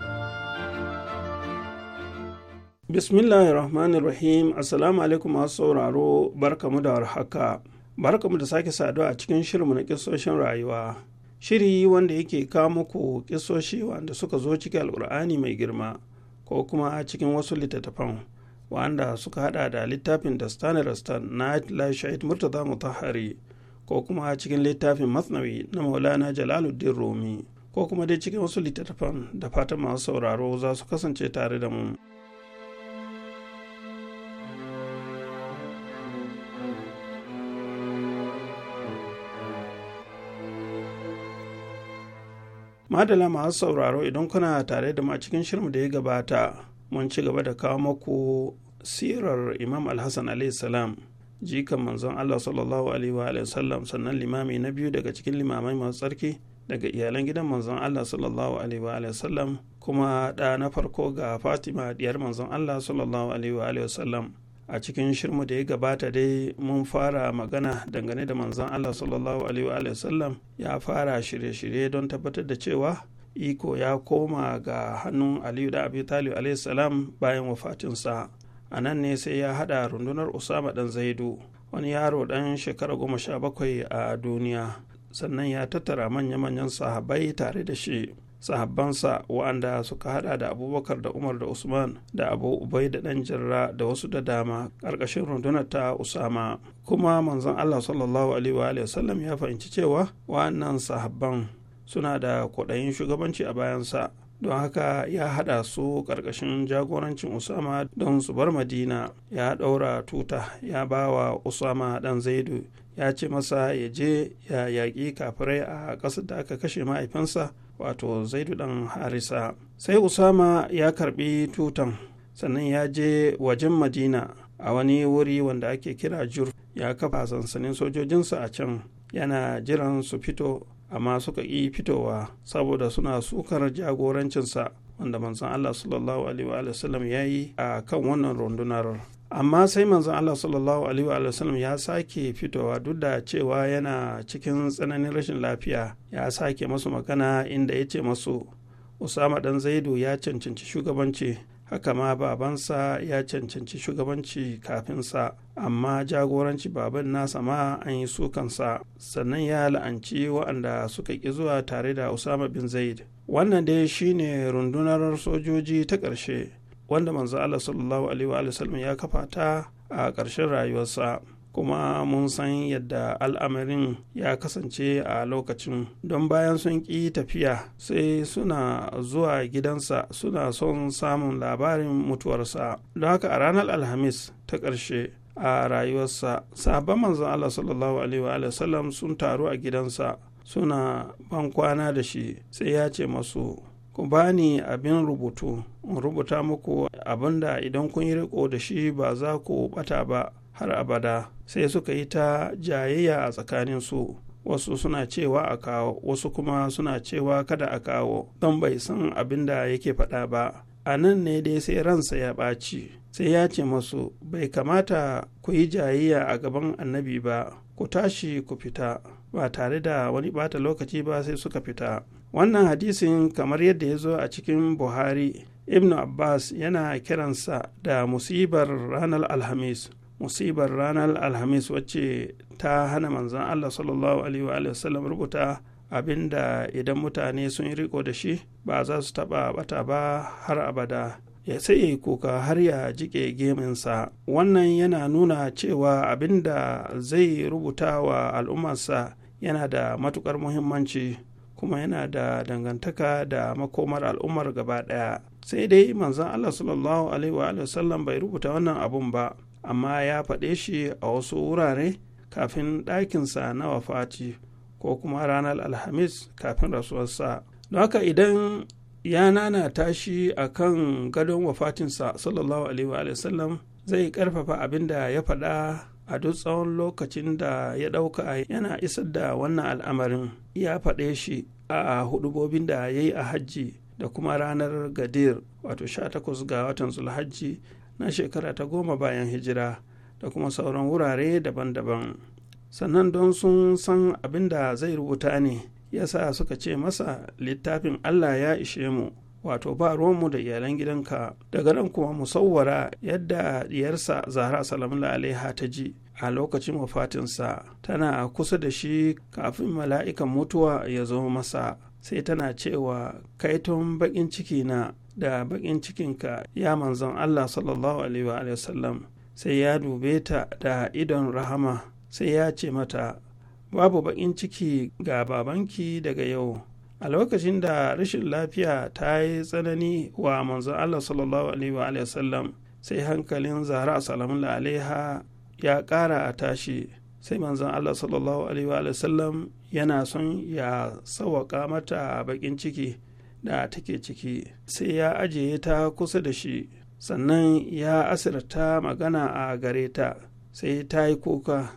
Bismillahirrahmanirrahim Assalamu alaikum masu sauraro barkamu da warhaka. Barkamu da sake saduwa a cikin shirinmu na kisoshin rayuwa. Shiri wanda yake kamo ku kisoshi wanda suka zo cikin alkur'ani mai girma ko kuma cikin wasu littattafan wanda suka hada da littafin da Rastan na Shahid Murtaza Mutahari ko kuma cikin littafin Masnawi na Maulana Jalaluddin Rumi. ko kuma dai cikin wasu littattafan da fatan masu sauraro za su kasance tare da mu. Madala masu sauraro idan kuna tare da ma cikin shirmu da ya gabata mun ci gaba da kawo maku sirar Imam Alhassan salam jikan manzon Allah sallallahu alaihi wa sallam sannan limami na biyu daga cikin limamai masu tsarki daga iyalan gidan manzon Allah sallallahu alaihi wa sallam kuma ɗa na farko ga Fatima diyar manzon Allah sallallahu alaihi wa sallam a cikin shirmu da ya gabata dai mun fara magana dangane da manzon Allah sallallahu alaihi wa sallam ya fara shirye-shirye don tabbatar da cewa iko ya koma ga hannun Aliyu da Abi Talib alaihi salam bayan wafatinsa a nan ne sai ya haɗa rundunar Usama dan Zaidu wani yaro ɗan shekara goma sha bakwai a duniya sannan ya tattara manya-manyan sahabai tare da shi sahabbansa wa'anda suka hada da abubakar da umar da usman da abu ubai da dan Jirra da wasu da dama ƙarƙashin rundunar ta usama kuma manzon allah sallallahu alaihi wa sallam ya fahimci cewa wa'annan sahabban suna da kwaɗayin shugabanci a bayansa don haka ya hada su ƙarƙashin jagorancin usama don su bar madina ya ɗaura tuta ya bawa usama ɗan zaidu ya ce masa ya je ya yaƙi kafirai a ƙasar da aka kashe mahaifinsa wato zaidu dan harisa sai usama ya karbi tutan sannan ya je wajen madina a wani wuri wanda ake kira jur ya kafa sansanin sojojinsa a can yana jiran su fito amma suka ƙi fitowa saboda suna sukar jagorancinsa wanda manzon allah sallallahu alaihi wa sallam ya yi a kan wannan rundunar amma sai manzon Allah sallallahu alaihi wa sallam ya sake fitowa duk da cewa yana cikin tsananin rashin lafiya ya sake masu magana inda yace masu Usama dan Zaidu ya cancanci shugabanci haka ma babansa ya cancanci shugabanci kafin sa amma jagoranci baban nasa ma an yi sukansa sannan ya la'anci waɗanda suka ƙi zuwa tare da Usama bin Zaid wannan dai shine rundunar sojoji ta ƙarshe wanda manzo Allah sallallahu alaihi wa sallam ya kafa ta a ƙarshen rayuwarsa kuma mun san yadda al'amarin ya kasance a lokacin don bayan sun ƙi tafiya sai suna zuwa gidansa suna son samun labarin mutuwarsa don haka a ranar alhamis ta ƙarshe a rayuwarsa sabon manzon Allah sallallahu alaihi wa sallam sun taru a gidansa suna ban kwana da shi sai ya ce masu ku bani abin rubutu in rubuta muku abinda idan kun yi riko da shi ba za ku bata ba har abada sai suka yi ta jayayya a tsakanin su wasu suna cewa a kawo wasu kuma suna cewa kada a kawo don bai san abin da yake faɗa ba a nan ne dai sai ransa ya ɓaci sai ya ce masu bai kamata ku yi jayayya a gaban annabi ba ku tashi ku fita ba tare da wani bata lokaci ba sai suka fita wannan hadisin kamar yadda ya zo a cikin buhari ibn abbas yana kiransa da musibar ranar alhamis musibar ranar alhamis wacce ta hana manzan allah sallallahu alaihi wa sallam rubuta abinda idan mutane sun yi riko da shi ba za su taba bata ba har abada ya sai ya yi kuka har ya jike geminsa wannan yana nuna cewa abinda zai rubuta wa al'ummarsa yana da matukar muhimmanci kuma yana da dangantaka da makomar al'ummar gaba ɗaya sai dai manzon allah sallallahu alaihi wa sallam bai rubuta wannan abun ba amma ya faɗe shi a wasu wurare kafin ɗakinsa na wafati ko kuma ranar alhamis kafin rasuwarsa don haka idan ya nana tashi a kan gadon wafatinsa sallallahu alaihi wa sallam zai ƙarfafa abin da ya faɗa a duk tsawon lokacin da ya ɗauka yana isar da wannan al'amarin ya faɗe shi a hudubobin da ya yi a hajji da kuma ranar gadir wato sha takwas ga watan zulhajji na shekara ta goma bayan hijira da kuma sauran wurare daban-daban sannan don sun san abin da zai rubuta ne ya sa suka ce masa littafin allah ya ishe mu wato ba romu da iyalan gidanka daga nan kuma musawwara yadda diyarsa zahra salamullah alaiha ta ji a lokacin wafatinsa tana kusa da shi kafin mala'ikan mutuwa ya zo masa sai tana cewa kaiton bakin ciki na da bakin cikinka ya manzon allah sallallahu alaihi wa sallam sai ya dube ta da idon rahama sai ya ce mata babu bakin ciki ga babanki daga yau a lokacin da rashin lafiya ta yi tsanani wa manzon Allah sallallahu alaihi wa sallam sai hankalin zahra salamun alaiha ya ƙara a tashi sai manzon Allah sallallahu alaihi wa sallam yana son ya sawaka mata a bakin ciki da take ciki sai ya ajiye ta kusa da shi sannan ya asirta magana a gare ta sai ta yi kuka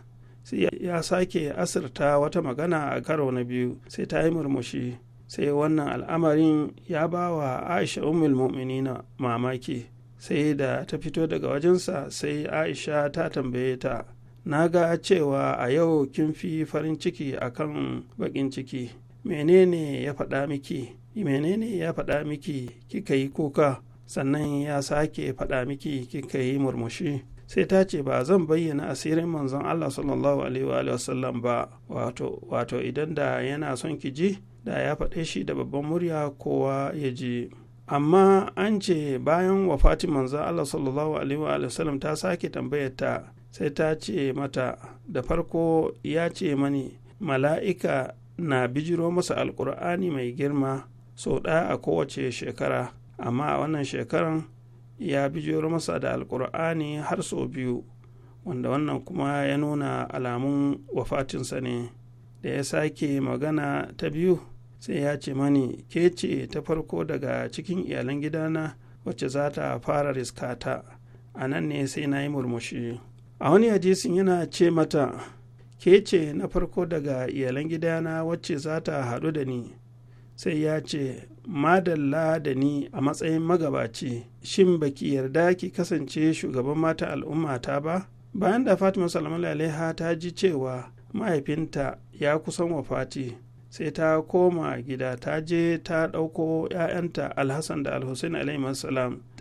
sai ya sake asirta wata magana a karo na biyu sai ta yi murmushi sai wannan al'amarin ya ba wa aisha ummul mu'minina mamaki sai da ta fito daga wajensa sai aisha ta tambaye ta na ga cewa a yau kin fi farin ciki a kan bakin ciki menene ya faɗa miki menene ya faɗa miki kika yi kuka sannan ya sake faɗa miki kika yi murmushi sai ta ce ba zan bayyana asirin manzon Allah sallallahu alaihi wa ba wato wato idan da yana son ki ji da ya faɗe shi da babban murya kowa ya je amma an ce bayan wafatin manzan Allah sallallahu alaihi wa sallam ta sake tambayar ta sai ta ce mata da farko ya ce mani mala'ika na bijiro masa alkur'ani mai girma sau ɗaya a kowace shekara amma a wannan shekaran ya bijiro masa da alkur'ani har sau biyu wanda wannan kuma ya nuna alamun wafatinsa ne da ya sake magana ta biyu sai ya ce mani ke ce ta farko daga cikin iyalan gidana wacce za ta fara riskata a nan ne sai na yi murmushi a wani hadisin yana ce mata ke ce na farko daga iyalan gidana wacce za ta haɗu da ni sai ya ce madalla da ni a matsayin magabaci shin baki yarda ki kasance shugaban mata al'ummata ba bayan da fatima salamu ta ji cewa mahaifinta ya kusan wafati sai ta koma gida ta je ta ɗauko 'ya'yanta alhassan da alhussein alaihi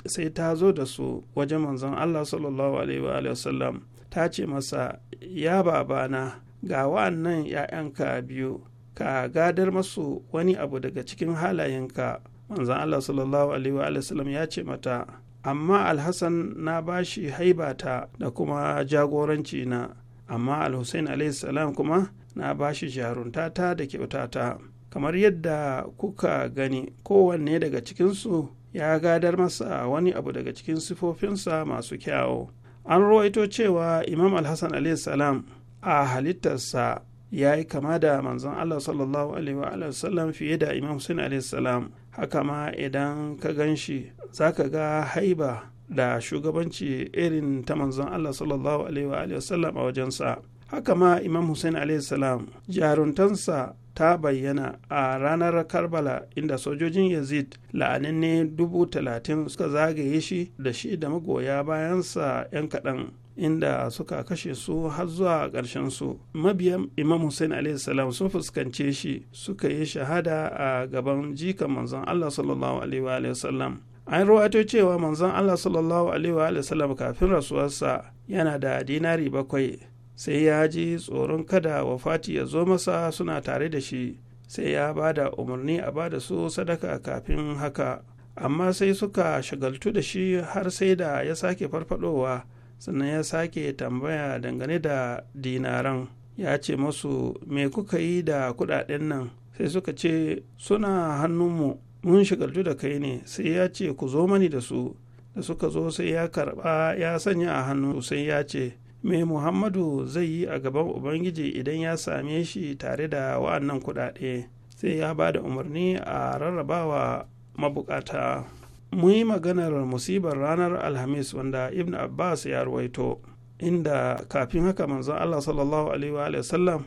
sai ta zo da su wajen manzon allah sallallahu alaihi wasallam ta ce masa ya babana ga wa'annan 'ya'yanka biyu ka gadar masu wani abu daga cikin halayenka manzon allah sallallahu alaihi wasallam ya ce mata amma alhassan na bashi haibata da kuma jagoranci na amma alhussein alaihi salam kuma na ba bashi ta da kyautata kamar yadda kuka gani kowanne daga cikinsu ya gadar masa wani abu daga cikin sifofinsa masu kyawo an ruwaito cewa imam alhassan salam a halittarsa ya yi kama da manzon allah sallallahu alaihi wasallam fiye da imam hussein salam haka ma idan ka gan shi za ka ga haiba da shugabanci irin ta manzon allah sallallahu alaihi wasallam a wajensa haka ma imam hussein salam jaruntansa ta bayyana a ranar karbala inda sojojin yazid la'aninne dubu talatin suka zagaye shi da shi da magoya bayansa 'yan kaɗan inda suka kashe su har zuwa ƙarshen su mabiyan imam hussein salam sun fuskance shi suka yi shahada a gaban jikan manzon allah sallallahu alaihi wasallam an ruwato cewa manzon allah sallallahu alaihi wasallam kafin rasuwarsa yana da dinari bakwai sai ya ji tsoron kada wafati ya zo masa suna tare da shi sai ya ba da umarni a ba da su sadaka kafin haka amma sai suka shagaltu da shi har sai da ya sake farfadowa sannan ya sake tambaya dangane da dinaran ya ce masu me kuka yi da kudaden nan sai suka ce suna hannunmu mun shagaltu da kai ne sai ya ce ku zo mani da su da suka zo sai ya karba ya sanya a hannu sai ya ce me muhammadu zai yi a gaban ubangiji idan ya same shi tare da wa'annan kuɗaɗe sai ya ba da umarni a rarrabawa mabukata mu yi maganar musibar ranar alhamis wanda ibn abbas ya ruwaito inda kafin haka manzon allah sallallahu alaihi wa sallam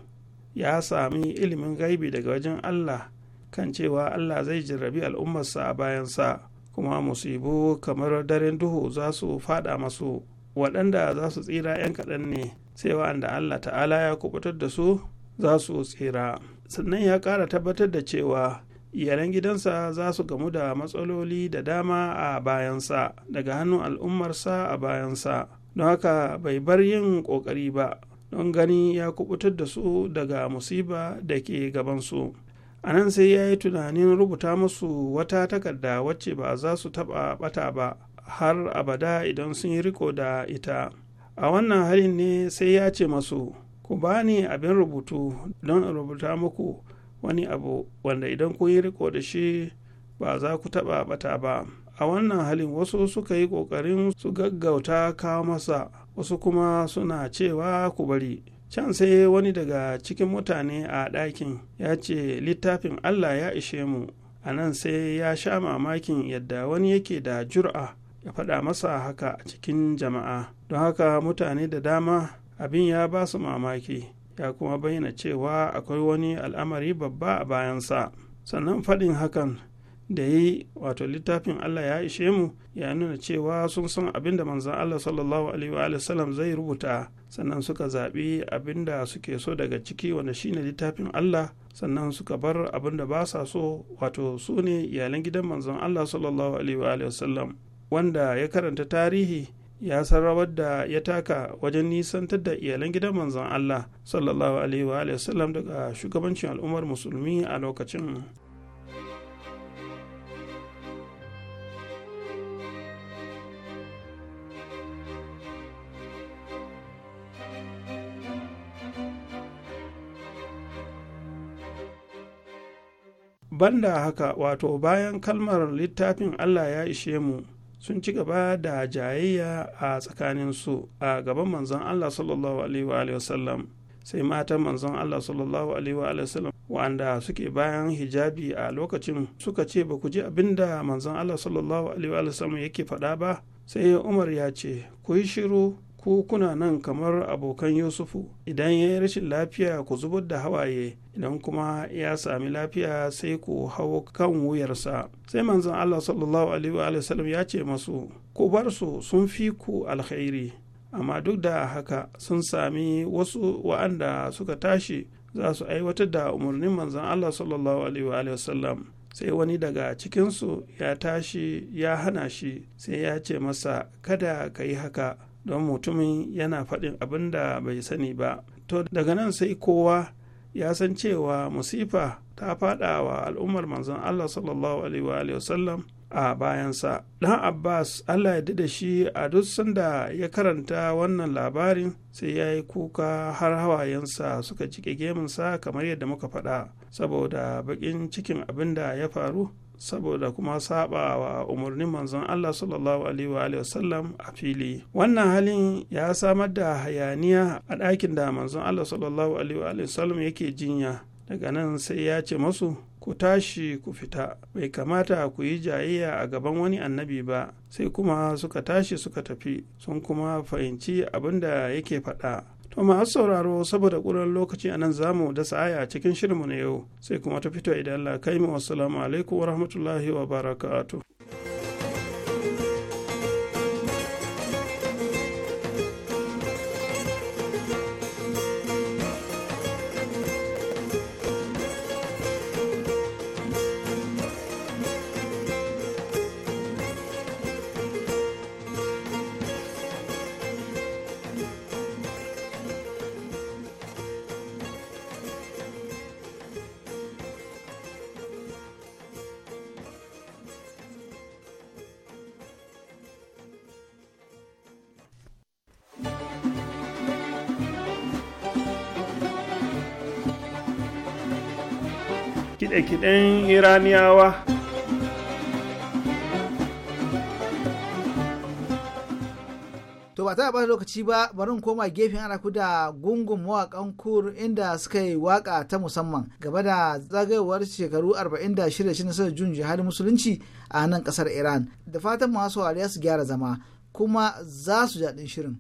ya sami ilimin gaibi daga wajen allah kan cewa allah zai jarrabi al'ummarsa a bayansa kuma musibu kamar daren duhu za su fada masu waɗanda za su tsira 'yan kaɗan ne sai wa'anda allah ta'ala ya kubutar da su za su tsira sannan ya ƙara tabbatar da cewa iyalan gidansa za su gamu da matsaloli da dama a bayansa daga hannun al'ummarsa a bayansa don haka bai bar yin ƙoƙari ba don gani ya kubutar da su daga musiba da ke gabansu a nan sai ya yi tunanin rubuta musu wata takarda wacce ba za su taɓa ɓata ba har abada idan sun yi riko da ita a wannan halin ne sai ya ce masu ku bani abin rubutu don in rubuta muku wani abu wanda idan kun yi riko da shi ba za ku taɓa bata ba a wannan halin wasu suka yi ƙoƙarin su gaggauta kawo masa wasu kuma suna cewa ku bari can sai wani daga cikin mutane a ɗakin ya ce littafin allah ya ishe mu a nan sai ya sha mamakin yadda wani yake da jur'a ya faɗa masa haka a cikin jama'a don haka mutane da dama abin ya ba su mamaki ya kuma bayyana cewa akwai wani al'amari babba a bayansa sannan faɗin hakan da yi wato littafin Allah ya ishe mu ya nuna cewa sun san abin da manzan Allah sallallahu alaihi wa zai rubuta sannan suka zaɓi abin da suke so daga ciki wanda shine littafin Allah sannan suka bar abin da ba sa so wato su ne iyalan gidan manzan Allah sallallahu alaihi wa sallam wanda ya karanta tarihi ya san rawar da ya taka wajen nisantar da iyalan gidan manzon Allah sallallahu alaihi wa sallam daga shugabancin al'ummar musulmi a lokacin banda haka wato bayan kalmar littafin Allah ya ishe mu sun ci gaba da jayayya a tsakaninsu a gaban manzon Allah sallallahu alaihi wasallam sai matan manzon Allah sallallahu alaihi wasallam wanda suke bayan hijabi a lokacin suka ce ba ku ji abin da manzon Allah sallallahu alaihi wasallam yake faɗa ba sai Umar ya ce ku yi shiru Ko kuna nan kamar abokan yusufu idan ya yi rashin lafiya ku zubar da hawaye idan kuma ya sami lafiya sai ku hau kan wuyarsa sai manzon allah sallallahu alaihi wa sallam ya ce masu ku bar su sun fi ku alkhairi amma duk da haka sun sami wasu wa'anda suka tashi za su aiwatar da umarnin manzon allah sallallahu alaihi wa sallam sai wani daga cikinsu ya tashi ya hana shi sai ya ce masa kada ka yi haka don mutumin yana faɗin abin da bai sani ba to daga nan sai kowa ya san cewa musifa ta faɗa wa al'ummar manzon Allah sallallahu alaihi wa a bayansa ɗan Abbas Allah ya da shi a duk sanda ya karanta wannan labarin sai ya yi kuka har hawayensa suka cike geminsa kamar yadda muka faɗa saboda bakin cikin abin da ya faru saboda kuma saba wa umarnin manzon Allah sallallahu alaihi wasallam a fili wannan halin ya samar da hayaniya a ɗakin da manzon Allah sallallahu alaihi wasallam yake jinya daga nan sai ya ce masu ku tashi ku fita bai kamata ku yi jayayya a gaban wani annabi ba sai kuma suka tashi suka tafi sun kuma fahimci abin da yake faɗa To masu sauraro saboda ƙuran lokaci a nan zamu da sa'aya a cikin shirinmu na yau sai kuma ta fito idan Allah kai mu wassalamu alaikum wa rahmatullahi wa barakatuh. iraniyawa to ba ta ba lokaci ba bari koma gefen ana da gungun mawakan kur inda suka yi waka ta musamman gaba da zagayowar shekaru 46 shi nasarar jun jihar musulunci a nan kasar iran da fatan masu wariya su gyara zama kuma za su jaɗin shirin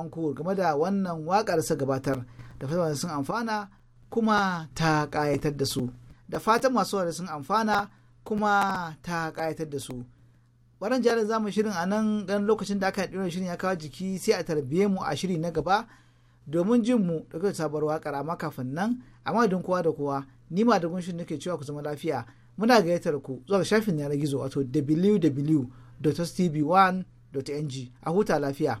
encore game da wannan wakar sa gabatar da fatan sun amfana kuma ta ƙayatar da su da fatan masu wari sun amfana kuma ta ƙayatar da su waran jarin zamu shirin a nan ganin lokacin da aka ɗora shirin ya kawo jiki sai a tarbiye mu a shiri na gaba domin jin mu da sabuwar waƙar amma kafin nan amma don kowa da kowa ni ma da gunshin nake cewa ku zama lafiya muna gayyatar ku zuwa shafin yanar gizo wato wwwtv ng a huta lafiya.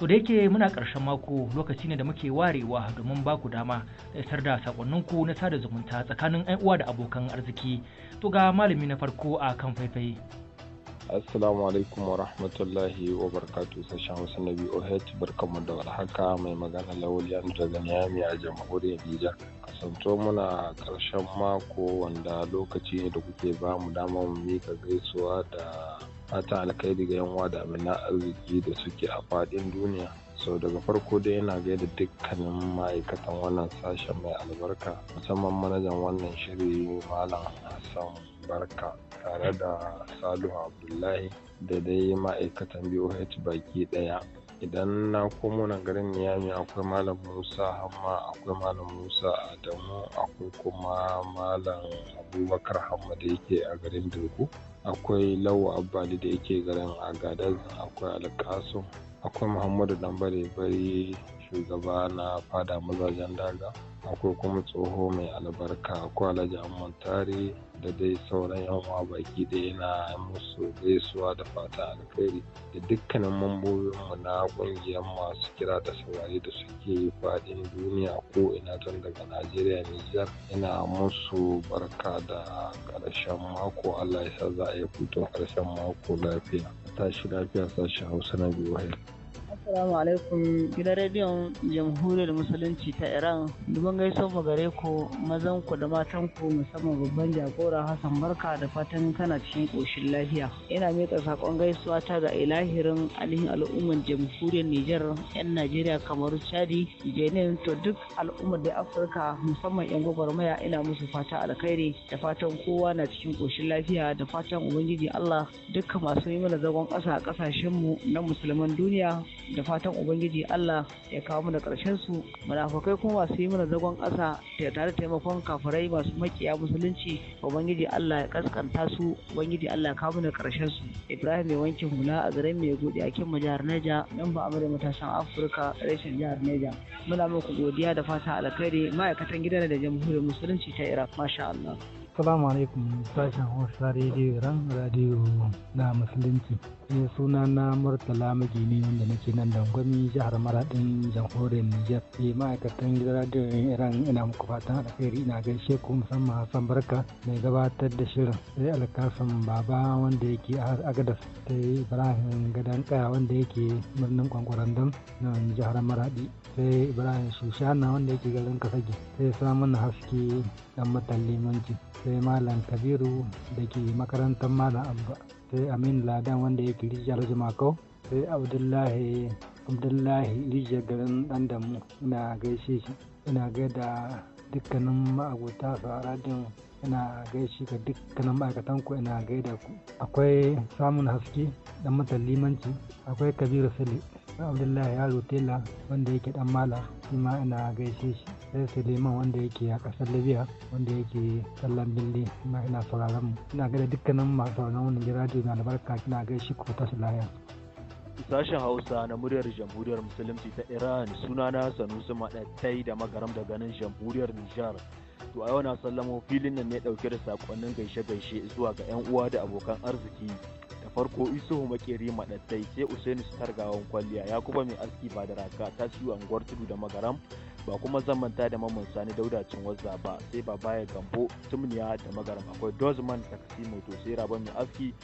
to da yake muna ƙarshen mako lokaci ne da muke warewa domin baku dama da isar da sakonninku na sada zumunta tsakanin 'yan uwa da abokan arziki to ga malami na farko a kan faifai Assalamu alaikum wa rahmatullahi wa barkatu sashen Hausa na BOH barkanmu da warhaka mai magana Lawali daga Ganiyami a jamhuriyar Nijar. Kasanto muna ƙarshen mako wanda lokaci ne da kuke ba mu mu mika gaisuwa da fatan alkhairi ga yan da na arziki da suke a faɗin duniya sau daga farko dai yana gaida dukkanin ma'aikatan wannan sashen mai albarka musamman manajan wannan shiri malam hassan barka tare da salihu abdullahi da dai ma'aikatan boh baki daya idan na komo nan garin niyami akwai malam musa hamma akwai malam musa adamu akwai kuma malam abubakar hamma da yake a garin dirku akwai lawa abbali da yake garin agadez akwai alkasu akwai muhammadu dan bare shugaba na fada mazajen daga akwai kuma tsoho mai albarka ko alhaji amman tare da dai sauran yan uwa baki da yana musu gaisuwa da fata alkhairi da dukkanin mu na kungiyar masu kira da saurari da suke fadin duniya ko ina tun daga najeriya nijar ina musu barka da karshen mako allah ya sa za a yi hutun karshen mako lafiya tashi lafiya sashi hausa na biyu Assalamu alaikum gidan rediyon jamhuriyar musulunci ta Iran. duban gaiso mu gare ku mazan ku da matan ku musamman babban jagora Hassan Barka da fatan kana cikin koshin lafiya. Ina miƙa sakon gaisuwa ta ga ilahirin alihin al'umman jamhuriyar Nijar, 'yan Najeriya kamar Chadi, Benin to duk al'ummar da Afirka musamman 'yan gwagwarmaya ina musu fata alkhairi da fatan kowa na cikin koshin lafiya da fatan Ubangiji Allah duka masu yi mana zagon ƙasa a ƙasashenmu na musulman duniya da fatan ubangiji Allah ya kawo mu da ƙarshen su munafukai kuma masu yi mana zagon ƙasa da tare da taimakon kafirai masu makiya musulunci ubangiji Allah ya kaskanta su ubangiji Allah ya kawo mu da ƙarshen su Ibrahim mai wankin hula a garin mai gode a kin jihar Neja nan ba amurai matasan Afirka reshen jihar Neja muna muku godiya da fata alkhairi ma'aikatan gidan da jamhuriyar musulunci ta Iraq masha Allah Assalamu alaikum sashen Hausa rediyo Ran Radio na Musulunci. ne suna na Murtala Magini wanda nake nan dangwami jihar Maradin jamhuriyar niger ke eh, ma'aikatan gidan radiyon Iran ina muku fatan alheri ina gaishe ku musamman Hassan Barka mai gabatar da shirin. Sai Alkasan Baba wanda yake a Agadas. Sai Ibrahim Gadan Kaya wanda yake birnin kwankwaran dam na jihar Maradi. Sai Ibrahim Shushana wanda yake garin Kasage. Sai Samun Haske dan matan limanci. Sai Malam Kabiru da ke makarantar Malam Abba. sai eh, amin Ladan wanda ya yake Rijiyar Jimakau, sai eh, Abdullahi Abdullahi Rijiyar garin dan da mu ina gaishe shi, ina gaida dukkanin ma'abota yana ina gaishe ga dukkanin ma'aikatan ku ina gaida ku. Akwai samun haske da matalimanci akwai Kabiru Sali. Abdullahi Yaro Tela wanda yake dan mala shi ma ina gaishe shi. Sai Suleiman wanda yake a ƙasar Libya wanda yake sallan bindi ma ina sauraron mu. Ina gada dukkanin masu sauraron wannan na albarka ina gaishe ko ta lahiya. sashen hausa na muryar jamhuriyar musulunci ta iran suna na sanusi maɗattai da magaram da ganin jamhuriyar nijar to a yau na sallamo filin nan ne ɗauke da sakonnin gaishe-gaishe zuwa ga 'yan uwa da abokan arziki da farko isuhu makeri madaddai sai usaini su gawan kwalliya yakuba mai aski ba da raka tasiri unguwar tudu da magaram ba kuma zamanta da mamman sani dauda cin wazza ba sai ba baya gambo tumniya da magaram akwai dozman kasi moto sai raba mai aski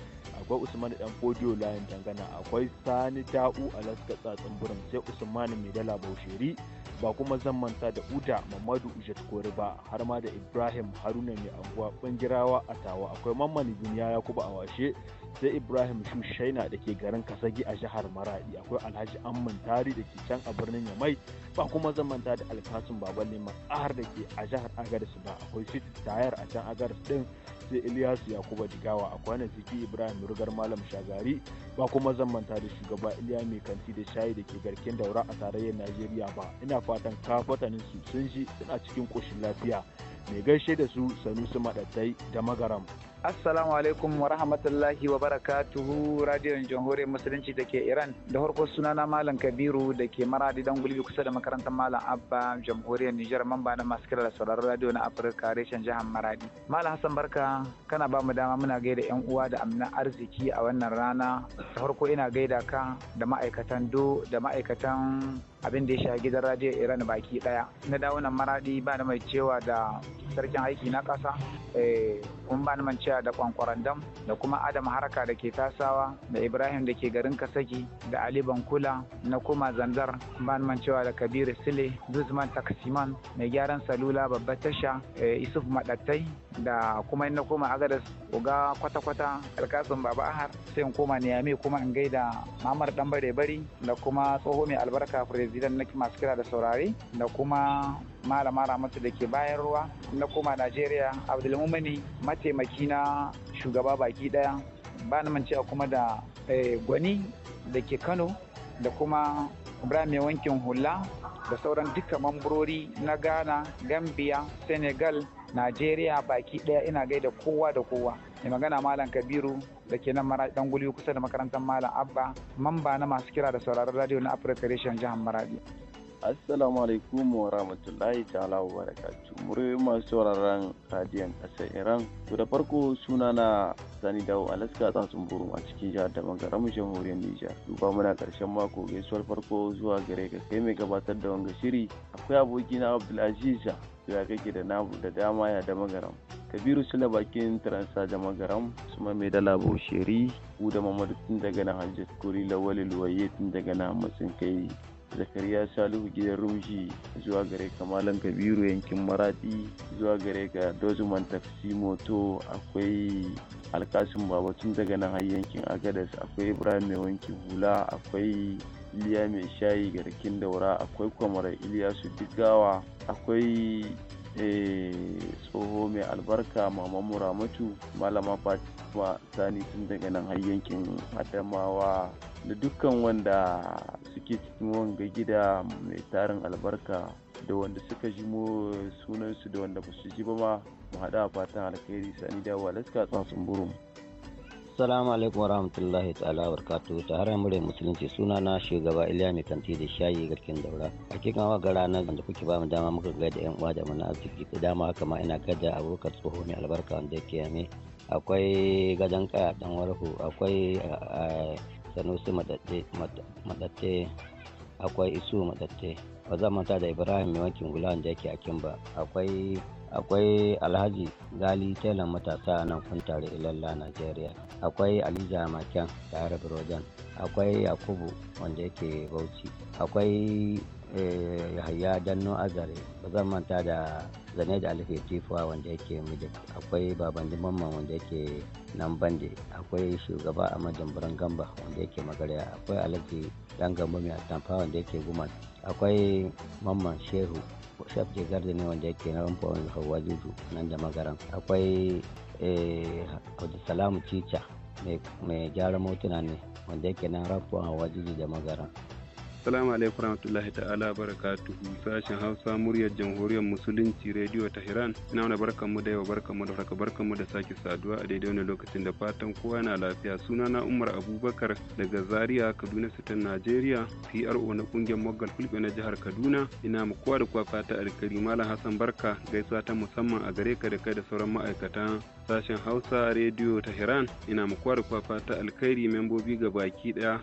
akwai usman dan fodiyo layin dangana akwai sani da'u alaska tsatsin burin sai usman mai dala bausheri ba kuma zamanta da uda mamadu ujat kori ba har ma da ibrahim haruna mai anguwa bangirawa a tawa akwai mamman duniya yakuba a washe sai ibrahim shushaina da ke garin kasagi a jihar maradi akwai alhaji amman tari da ke can a birnin yamai ba kuma zamanta da alkasun baban neman tsahar da ke a jihar agaris ba akwai fiti tayar a can agaris din sai iliyasu yakuba jigawa akwai na ziki ibrahim rugar malam shagari ba kuma zamanta da shugaba iliya mai kanti da shayi da ke garkin daura a tarayyar najeriya ba ina fatan kafatanin su sun ji suna cikin koshin lafiya mai gaishe da su sanusi maɗatai da magaram Assalamu alaikum wa rahmatullahi wa barakatuhu radiyon jamhuriyar musulunci da ke Iran da farko sunana Malam Kabiru da ke maradi dan gulbi kusa da makarantar Malam Abba jamhuriyar Nijar mamba na masu kira da sauraron radiyo na Afirka reshen jihar Maradi. Malam Hassan Barka kana ba mu dama muna gaida yan uwa da amina arziki a wannan rana da farko ina gaida ka da ma'aikatan do da ma'aikatan abin da ya sha gidan radio iran baki daya na dawo nan maradi ba da mai cewa da sarkin aiki na kasa eh, kuma ba man cewa da kwankwarandam da kuma adam haraka da ke tasawa da ibrahim da ke garin kasaki da ali bankula na kuma zandar ba man cewa da kabiru sile guzman taksiman mai gyaran salula babbar tasha eh, isuf madattai da kuma na koma agadas uga kwata-kwata alkasun baba ahar sai in koma niyami kuma in gaida mamar dan bare bari da kuma tsoho mai albarka gidan na masu kira da saurari da kuma malama ramatu da ke bayan ruwa na koma najeriya abdulmumani mataimaki na shugaba baki daya ba na mancewa kuma da eh, gwani da ke kano da kuma ibrahim mai wankin hula da sauran duka mamburori na ghana gambia senegal najeriya baki daya ina gaida kowa da kowa mai magana malam kabiru da ke nan maradi dan kusa da makarantar malam abba mamba na masu kira da sauraron radio na afirka reshen jihar Maraɗi. Assalamu alaikum wa rahmatullahi ta'ala wa barakatu. Muryoyin masu sauraron radiyon ƙasar Iran. To da farko suna na Sani Dawo Alaska sun burum a cikin jihar da bangaren jamhuriyar Nijar. Duba muna ƙarshen mako gaisuwar farko zuwa gare ka kai mai gabatar da wanga shiri. Akwai abokina Abdulaziz ya kake da namu da dama ya da magaram kabiru sula bakin taransa da magaram ma mai dala shiri ku da mamadu tun daga na hajjat kuri lawali luwaye tun daga na matsin kai zakariya salihu gidan rushi zuwa gare ka malam kabiru yankin maradi zuwa gare ka dozuman taksi moto akwai alkasin baba tun daga nan yankin agadas akwai ibrahim mai wanki hula akwai iliya mai shayi garkin daura akwai kwamar iliyasu digawa akwai eh, tsoho mai albarka mama muramatu malama fatima sani tun daga nan yankin adamawa da dukkan wanda suke cikin wanga gida mai tarin albarka da wanda suka ji mu sunansu da wanda ba ji ba ma mu a fatan alkhairi sani da walaska tsatsun burum Assalamu alaikum warahmatullahi ta'ala barkatu ta har murya musulunci suna na shugaba Iliya mai kanti da shayi garkin daura kika wa gara na da kuke ba mu dama muka ga da yan uwa da mana arziki da dama haka ma ina kada abokan tsoho mai albarka wanda yake yame akwai gadon kaya dan warhu akwai wasu madatte akwai isu madatte ba zan manta da ibrahim mai wankin gula da yake a ba akwai alhaji gali telan matasa nan kun tare ilalla nigeria akwai aliza maken da harabar wajen akwai yakubu wanda yake bauchi akwai Eh, yahaya danno azare ba zan manta da zane da alife tifuwa wanda yake mijin akwai baban mamman wanda yake nan bande akwai shugaba a majambaran gamba wanda yake magarya akwai alhaji dan gamba mai atamfa wanda yake guman akwai mamman shehu shaf jigar ne wanda yake na rumfa wani hawa juju nan da magaran akwai eh, salamu cica mai gyaran motuna ne wanda yake nan rafuwa hawa juju da magaran Assalamu alaikum warahmatullahi ta'ala barakatuhu sashen Hausa muryar Jamhuriyar Musulunci Radio Tehran. Ina wani barkan mu da yau barkan mu da haka barkan mu da sake saduwa a daidai wani lokacin da fatan kowa na lafiya. Sunana Umar Abubakar daga Zaria Kaduna City Najeriya PRO na kungiyar Moggal Fulbe na jihar Kaduna. Ina mu kowa da kowa fata alkari Malam Hassan Barka gaisuwa ta musamman a gare ka da kai da sauran ma'aikatan sashen Hausa Radio Tehran. Ina mu kowa da kowa fata alkhairi membobi ga baki daya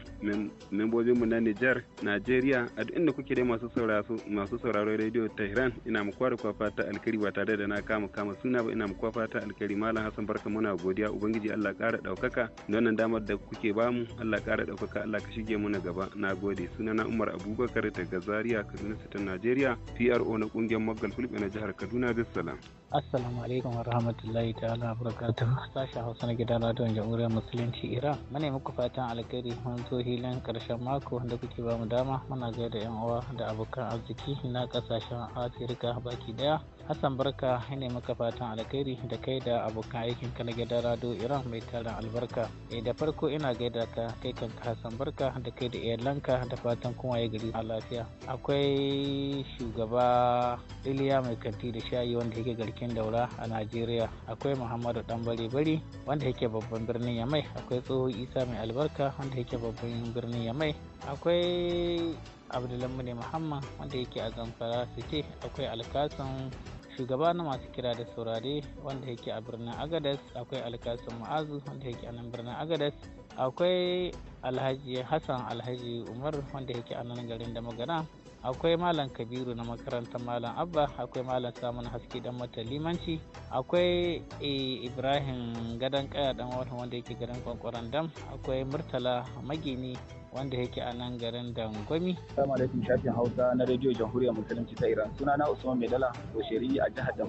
membobin mu na Nijar na Najeriya a duk inda kuke dai masu sauraro masu sauraro Radio Tehran ina muku da kwa fata alkari ba tare da na kama kama suna ba ina muku fata alkari Malam Hassan barka muna godiya ubangiji Allah kara daukaka da wannan damar da kuke bamu Allah kara daukaka Allah ka shige muna gaba na gode sunan Umar Abubakar daga Zaria Kaduna City Najeriya PRO na kungiyar Magal Fulbe na jihar Kaduna Bissalam. Assalamu alaikum warahmatullahi ta'ala barakatuh sashen Hausa na gidan Radio jamhuriyar musulunci Iran Mane muku fatan alkhairi mun zo hilin ƙarshen mako da kuke ba mu dama muna gaida yan uwa da abokan arziki na kasashen Afirka baki daya Hassan Barka ne maka fatan alkhairi da kai da abokan aikin ka na gidan Rado Iran mai tarin albarka. E da farko ina gaida ka kai kanka Hassan Barka da kai da iyalanka da fatan kuma ya gari a lafiya. Akwai shugaba Iliya mai kanti da shayi wanda yake garkin daura a Najeriya. Akwai Muhammadu Dan Bari Bari wanda yake babban birnin Yamai. Akwai tsoho Isa mai albarka wanda yake babban birnin Yamai. Akwai abdulmune muhammad wanda yake a zamfara city akwai alkasan shugaba na masu kira da saurare wanda yake a birnin agadas akwai alkasan mu'azu wanda yake a nan birnin agadas akwai alhaji hassan alhaji umar wanda yake a nan garin da magana akwai malam kabiru na makarantar malam abba akwai malam samun haske dan mata limanci akwai eh, ibrahim gadon kaya dan wata wanda yake garin kwankwaran dam akwai murtala magini wanda yake a nan garin Dangwami. Sama da shafin Hausa na Radio Jamhuriyar Musulunci ta Iran. Sunana Usman Medala, Osheri a jihar da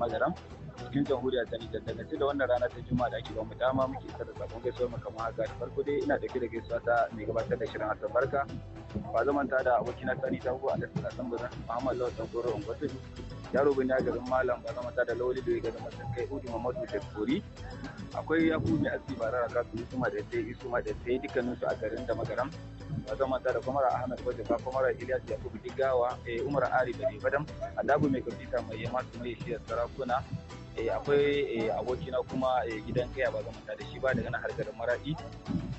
cikin jamhuriya ta Nijar dangance da wannan rana ta Juma'a da ake ba mu dama muke isar da sakon gaisuwar mu kamar haka da farko dai ina tafi da gaisuwa ta mai gabatar da shirin Hassan Barka ba zaman ta da abokina Sani Tango a Lasar Asan Bazan Muhammad Lawal Tangoro Ongwatu yaro bin ya garin malam ba zaman ta da Lawali da ya garin Masan kai Udi Muhammadu Jakuri akwai ku mai aski barara kasu Isuma da sai Isuma da sai dukkanin su a garin da magaram ba zaman ta da Kwamara Ahmed ba Kwamara Ilyas Yakubu Digawa eh, Umar Ari da Badam Adabu mai kwamfuta mai yamma su mai shiyar sarakuna Eh, akwai eh, abokina kuma eh, gidan kai ba zamanta da shi ba daga nan harkar maradi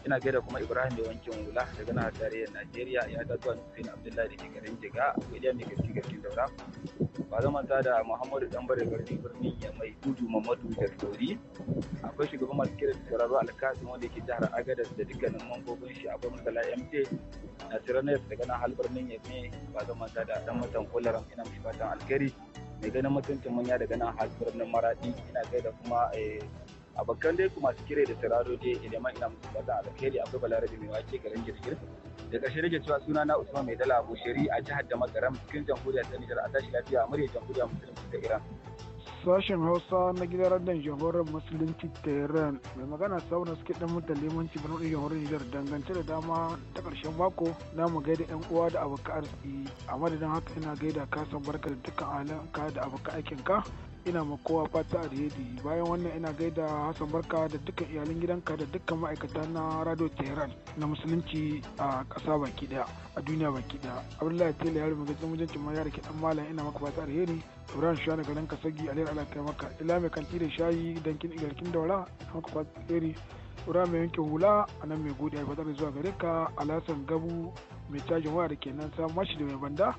ina gaida kuma ibrahim da wankin wula daga nan tarayyar najeriya ya ta zuwa nufin abdullahi da ke garin jiga a liya mai gaske gaske daura ba zamanta da muhammadu dambare garin birnin ya mai dudu mamadu da tori akwai shugaban masu kira da sauraro alkasin wanda ke jihar agadas da dukkanin mambobin shi akwai masala mt na tiranes daga nan halbar birnin ya mai ba zamanta da dan matan kularan ina mashi fatan alkari mai ganin mutuncin manya daga nan har birnin maradi ina kai da kuma eh, abokan dai kuma su kire da sauraro dai idan ma ina musu bada alkhairi akwai balarabe mai wake garin girgir da ƙarshe rage cewa suna na usman mai dala bushari a jihar da cikin jamhuriyar ta nijar a tashi lafiya a muryar jamhuriyar musulunci ta iran Sashen Hausa na gidan radon jamhuriyar Musulunci Tehran mai magana sauna suke dan mutan limanci bana da jamhuriyar Nijar dangance da dama ta karshen mako na mu gaida yan uwa da abokan arziki a madadin haka ina gaida kasan barka da dukkan alanka da abokan aikinka ina ma kowa fata alheri bayan wannan ina gaida hasan barka da dukkan iyalin gidanka da dukkan ma'aikata na radio tehran na musulunci a ƙasa baki daya a duniya baki daya abdullahi tela yaro mai wajen mujancin ma yara ke dan malam ina maka fata alheri ibrahim shani ka kasagi a lera alaƙa maka ila mai kanti da shayi dankin igarkin daura haka kuma tseri ibrahim mai yanke hula a nan mai gode a fatar zuwa gare ka alasan gabu mai cajin waya da kenan sa mashi da mai banda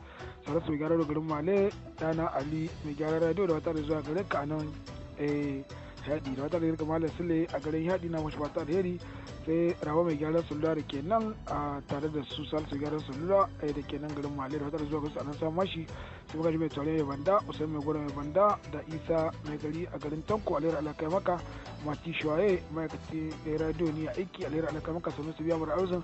sarasu mai gyarar garin male dana ali mai gyaran radio da fatar zuwa gare ka a nan eh, yaɗi da wata da malam sule a garin yaɗi na mashi fata Heri sai rawa mai gyaran sulula da kenan a tare da su salisu gyaran sulula eh, da ke nan garin male da wata da zuwa su a nan sa mashi bugaji mai tare mai banda usain mai gora mai banda da isa mai gari a garin tanko a lera alakai maka mati shuwaye ma'aikaci radio ni a aiki lera alakai maka sanusi biya mura arzin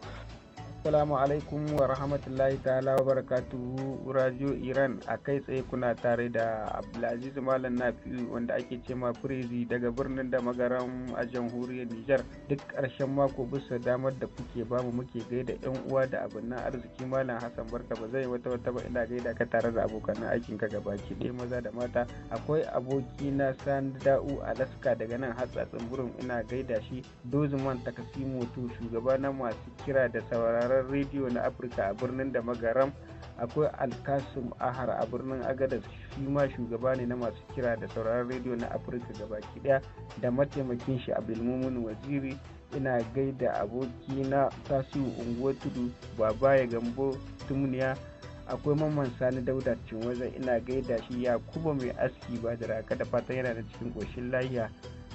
Assalamu alaikum wa rahmatullahi ta'ala wa barakatuhu Radio Iran a kai tsaye kuna tare da Abdulaziz Malam Nafi'u wanda ake ce ma Prezi daga birnin da magaram a jamhuriyar Nijar duk ƙarshen mako bisa damar da kuke bamu muke gaida yan uwa da abinnan arziki Malam Hassan Barka ba zai wata wata ba ina gaida ka tare da abokan aikin ka gabaki ɗaya maza da mata akwai aboki na Sanda'u Alaska daga nan hatsatsin burin ina gaida shi Dozman Takasimoto shugaba na masu kira da sauraron sauraron rediyo na afirka a birnin da magaram akwai alkasum ahar a birnin agadas shi ma shugaba ne na masu kira da sauraron rediyo na afirka gabaki daya da mataimakin shi a abdulmumin waziri ina gaida abokina tasiu unguwa tudu baba ya gambo tumniya akwai mamman sani dauda cin wajen ina gaida shi ya kuma mai aski ba da raka da fatan yana da cikin koshin lahiya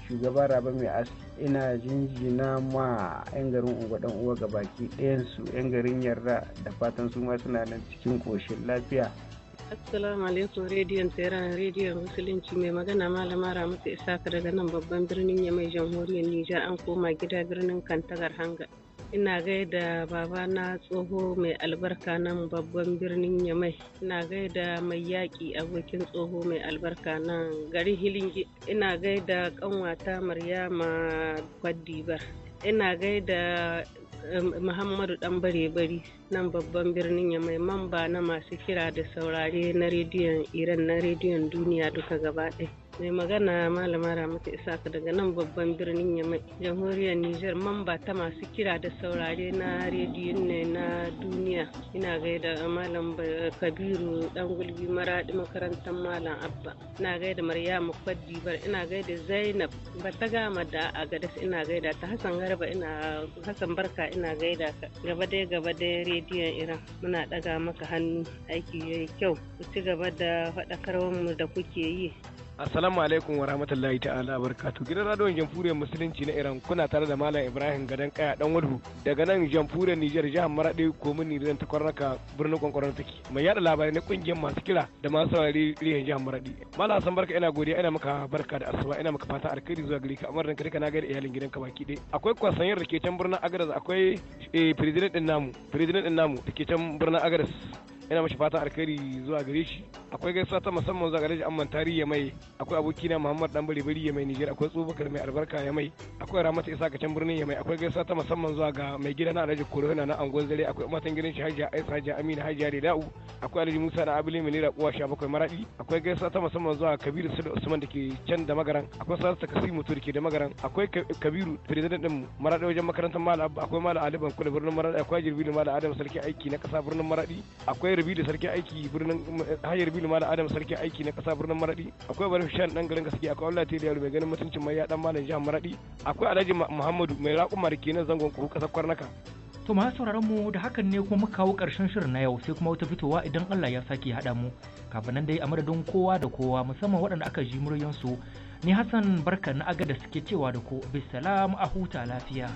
shugaba raba mai aski ina jinjina ma 'yan garin unguwa dan uwa ga ɗayan ɗayansu 'yan garin yarda da fatan su ma suna nan cikin koshin lafiya Assalamu alaikum rediyon tera rediyon Musulunci mai magana malama Ramatu isa daga nan babban birnin Yamai jamhuriyar Nijar an koma gida birnin Kantagar Hanga. ina gaida babana tsoho mai albarka nan babban birnin yamai ina gaida mai yaƙi abokin tsoho mai albarka nan garin hilingi ina gaida kanwata maryama kwadibar ina gaida um, Muhammadu Dan Bare-bari nan babban birnin yamai mamba na masu kira da saurare na rediyon Iran na rediyon duniya duka gaba ɗaya. mai magana malama ramata isaka daga nan babban birnin yamai jamhuriyar niger mamba ta masu kira da saurare na rediyon ne na duniya ina gaida malam kabiru dan gulbi maradi makarantar malam abba ina gaida maryamu kwadibar ina gaida zainab gama da agadas ina gaida ta hassan garba ina hassan barka ina gaida ka gaba dai gaba dai rediyon iran muna daga maka hannu aiki yayi kyau ku ci gaba da faɗakarwar mu da kuke yi Assalamu alaikum wa rahmatullahi ta'ala barkatu. Gidan radon Jamhuriyar Musulunci na Iran kuna tare da Malam Ibrahim Gadan Kaya Dan Wadu daga nan Jamhuriyar Nijar jihar Maradi komini Nijar ta kwarnaka birnin Kwankwaron take. Mai yada labarai na kungiyar masu kira da masu saurari riyan jihar Maradi. Malam Hassan barka ina godiya ina maka barka da asuba ina maka fata alkhairi zuwa gari ka amarin ka duka na gaida iyalin gidan ka baki dai. Akwai kwasanyar da ke can birnin Agadez akwai eh president din namu president din namu da ke can birnin Agadez. ina mashi fata alkhairi zuwa gare shi akwai gaisuwa ta musamman zuwa gare shi amman tarihi mai akwai abokina muhammad dan bari bari mai niger akwai tsubakar mai albarka ya mai akwai ramata isa ka can birnin ya mai akwai gaisuwa ta musamman zuwa ga mai gida na alhaji korona na angon zare akwai matan gidan shi hajiya aisa hajiya amina hajiya da'u akwai alhaji musa da abule mai lera kuwa sha bakwai maradi akwai gaisuwa ta musamman zuwa kabiru sulu usman da ke can da magaran akwai sarasa kasi mutu da ke da magaran akwai kabiru president din maradi wajen makarantar malam akwai malam aliban kula birnin maradi akwai jirbi malam adam sarki aiki na kasa birnin maradi akwai hayar sarki aiki birnin Adam sarki aiki na kasa birnin Maradi akwai Bari Shan dan garin gaske akwai Allah Tayi Yaro mai ganin mutuncin mai ya dan Malam Jihar Maradi akwai Alhaji Muhammadu mai mariki na zangon kuru kasar Kwarnaka To ma sauraron mu da hakan ne kuma muka kawo karshen shirin na yau sai kuma wata fitowa idan Allah ya sake haɗa mu. Kafin nan dai a madadin kowa da kowa musamman waɗanda aka ji muryansu ni Hassan barka na aga da suke cewa da ku bisalam a huta lafiya.